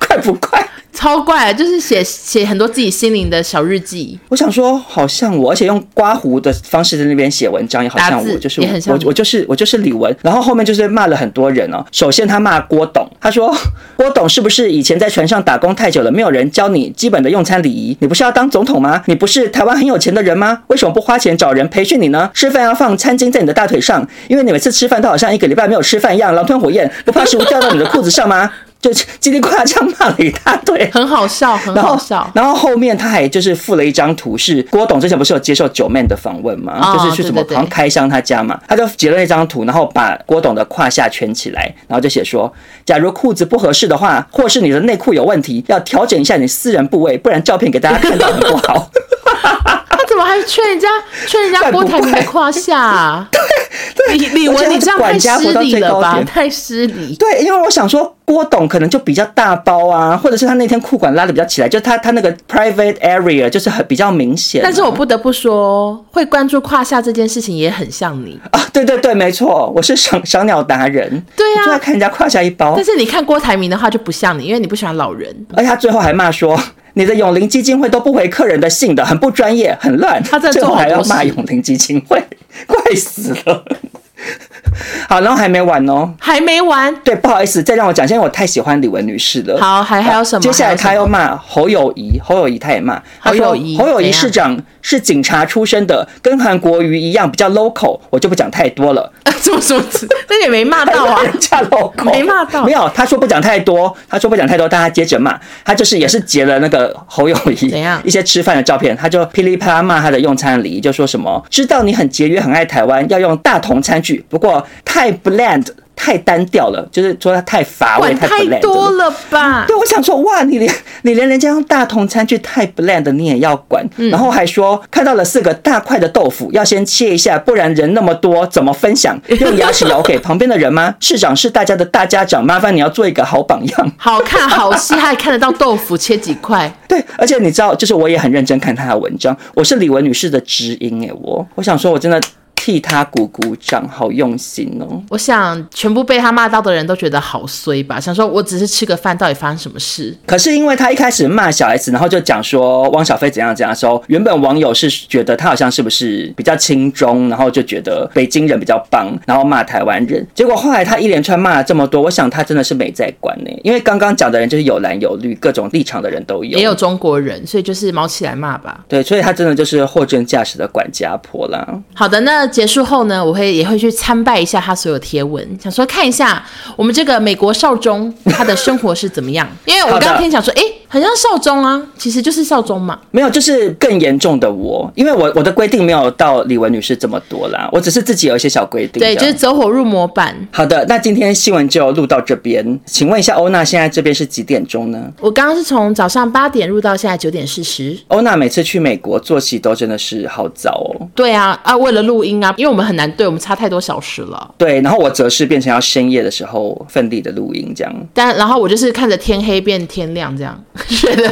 快不快？超怪，就是寫寫很多自己心靈的小日記。我想說，好像我，而且用刮鬍的方式在那邊寫文章，也好像我，就是我，我就是我，就是，我就是李文。然後後面就是罵了很多人哦。首先他罵郭董，他說郭董是不是以前在船上打工太久了，沒有人教你基本的用餐禮儀？你不是要當總統嗎？你不是台灣很有錢的人嗎？為什麼不花錢找人培訓你呢？吃飯要放餐巾在你的大腿上，因為你每次吃飯都好像一個禮拜沒有吃飯一樣，狼吞虎嚥，不怕食物掉到你的褲子上嗎？ [LAUGHS] 就今天誇張罵了一大堆，很好笑，很好笑。然後後面他還就是附了一張圖，是郭董之前不是有接受九妹的訪問嘛，就是去什麼好像開箱他家嘛，他就截了那張圖，然後把郭董的胯下圈起來，然後就寫說：假如褲子不合適的話，或是你的內褲有問題，要調整一下你私人部位，不然照片給大家看到很不好。哈哈哈。我還勸人家勸人家郭台銘的胯下，啊，對李李文你這樣太失禮了吧，太失禮。對，因為我想說郭董可能就比較大包啊，或者是他那天褲管拉得比較起來，就他他那個 private area 就是很比較明顯，啊。但是我不得不說，會關注胯下這件事情也很像你啊，對對對，沒錯，我是小小鳥達人，對呀，啊，就要看人家胯下一包。但是你看郭台銘的話就不像你，因為你不喜歡老人。而且他最後還罵說。你的永齡基金會都不回客人的信的，很不專業，很亂。他在最後還要罵永齡基金會，怪死了。 [LAUGHS] 好，然後還沒完哦，還沒完，對，不好意思，再讓我講，現在我太喜歡李文女士了。好，還還有什麼、啊？接下來他又罵侯友宜，侯友宜他也罵，侯友宜，侯友宜市長是警察出身的，樣跟韓國瑜一樣比較 local，我就不講太多了。啊，怎麼怎這也沒罵到啊，人家 local，沒罵到，沒有，他說不講太多，他說不講太多，但他接着罵，他就是也是截了那個侯友宜怎樣一些吃飯的照片，樣他就噼裡啪啦罵他的用餐禮儀，就說什麼知道你很節約，很愛台灣，要用大同餐具，不過。太 bland，太單調了，就是說它太乏味，太 bland，管太多了吧？對，我想說，哇，你連你連人家用大同餐具太 bland 的，你也要管，然後還說、嗯、看到了四個大塊的豆腐，要先切一下，不然人那麼多怎麼分享？用牙齒咬給旁邊的人嗎？ [LAUGHS] 市長是大家的大家長，麻煩你要做一個好榜樣。好看好戲，還看得到豆腐切幾塊。對，而且你知道，就是我也很認真看他的文章，我是李文女士的知音哎，我我想說，我真的。替他鼓鼓掌，好用心哦！我想全部被他罵到的人都覺得好衰吧？想說，我只是吃個飯，到底發生什麼事？可是因為他一開始罵小 S，然後就講說汪小菲怎樣怎樣的時候，說原本網友是覺得他好像是不是比較親中，然後就覺得北京人比較棒，然後罵台灣人。結果後來他一連串罵了這麼多，我想他真的是沒在管呢、欸，因為剛剛講的人就是有藍有綠，各種立場的人都有，也有中國人，所以就是毛起來罵吧。對，所以他真的就是貨真價實的管家婆啦。好的，那。結束後呢，我會也會去參拜一下他所有貼文，想說看一下我們這個美國劭中他的生活是怎麼樣， [LAUGHS] 因為我剛剛聽講說，誒很像劭中啊，其實就是劭中嘛。沒有，就是更嚴重的我，因為我我的規定沒有到李文女士這麼多啦。我只是自己有一些小規定。對，就是走火入魔版。好的，那今天新聞就錄到這邊。請問一下歐娜，現在這邊是幾點鐘呢？我剛剛是從早上八點錄到現在九點四十。歐娜每次去美國作息都真的是好早哦。對啊，啊，為了錄音啊，因為我們很難。對，我們差太多小時了。對，然後我則是變成要深夜的時候奮力的錄音這樣。但然後我就是看着天黑變天亮這樣。是的，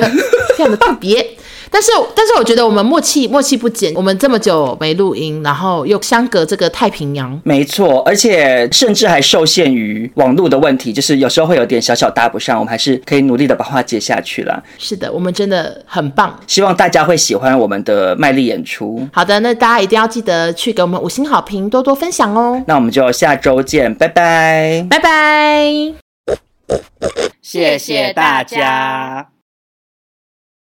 這樣的道別。 [LAUGHS] 但是，但是我覺得我們默契默契不減。我們這麼久沒錄音，然後又相隔這個太平洋，沒錯，而且甚至還受限於網絡的問題，就是有時候會有點小小搭不上。我們還是可以努力的把話接下去了。是的，我們真的很棒。希望大家會喜歡我們的賣力演出。好的，那大家一定要記得去給我們五星好評，多多分享哦。那我們就下週見，拜拜，拜拜，謝謝大家。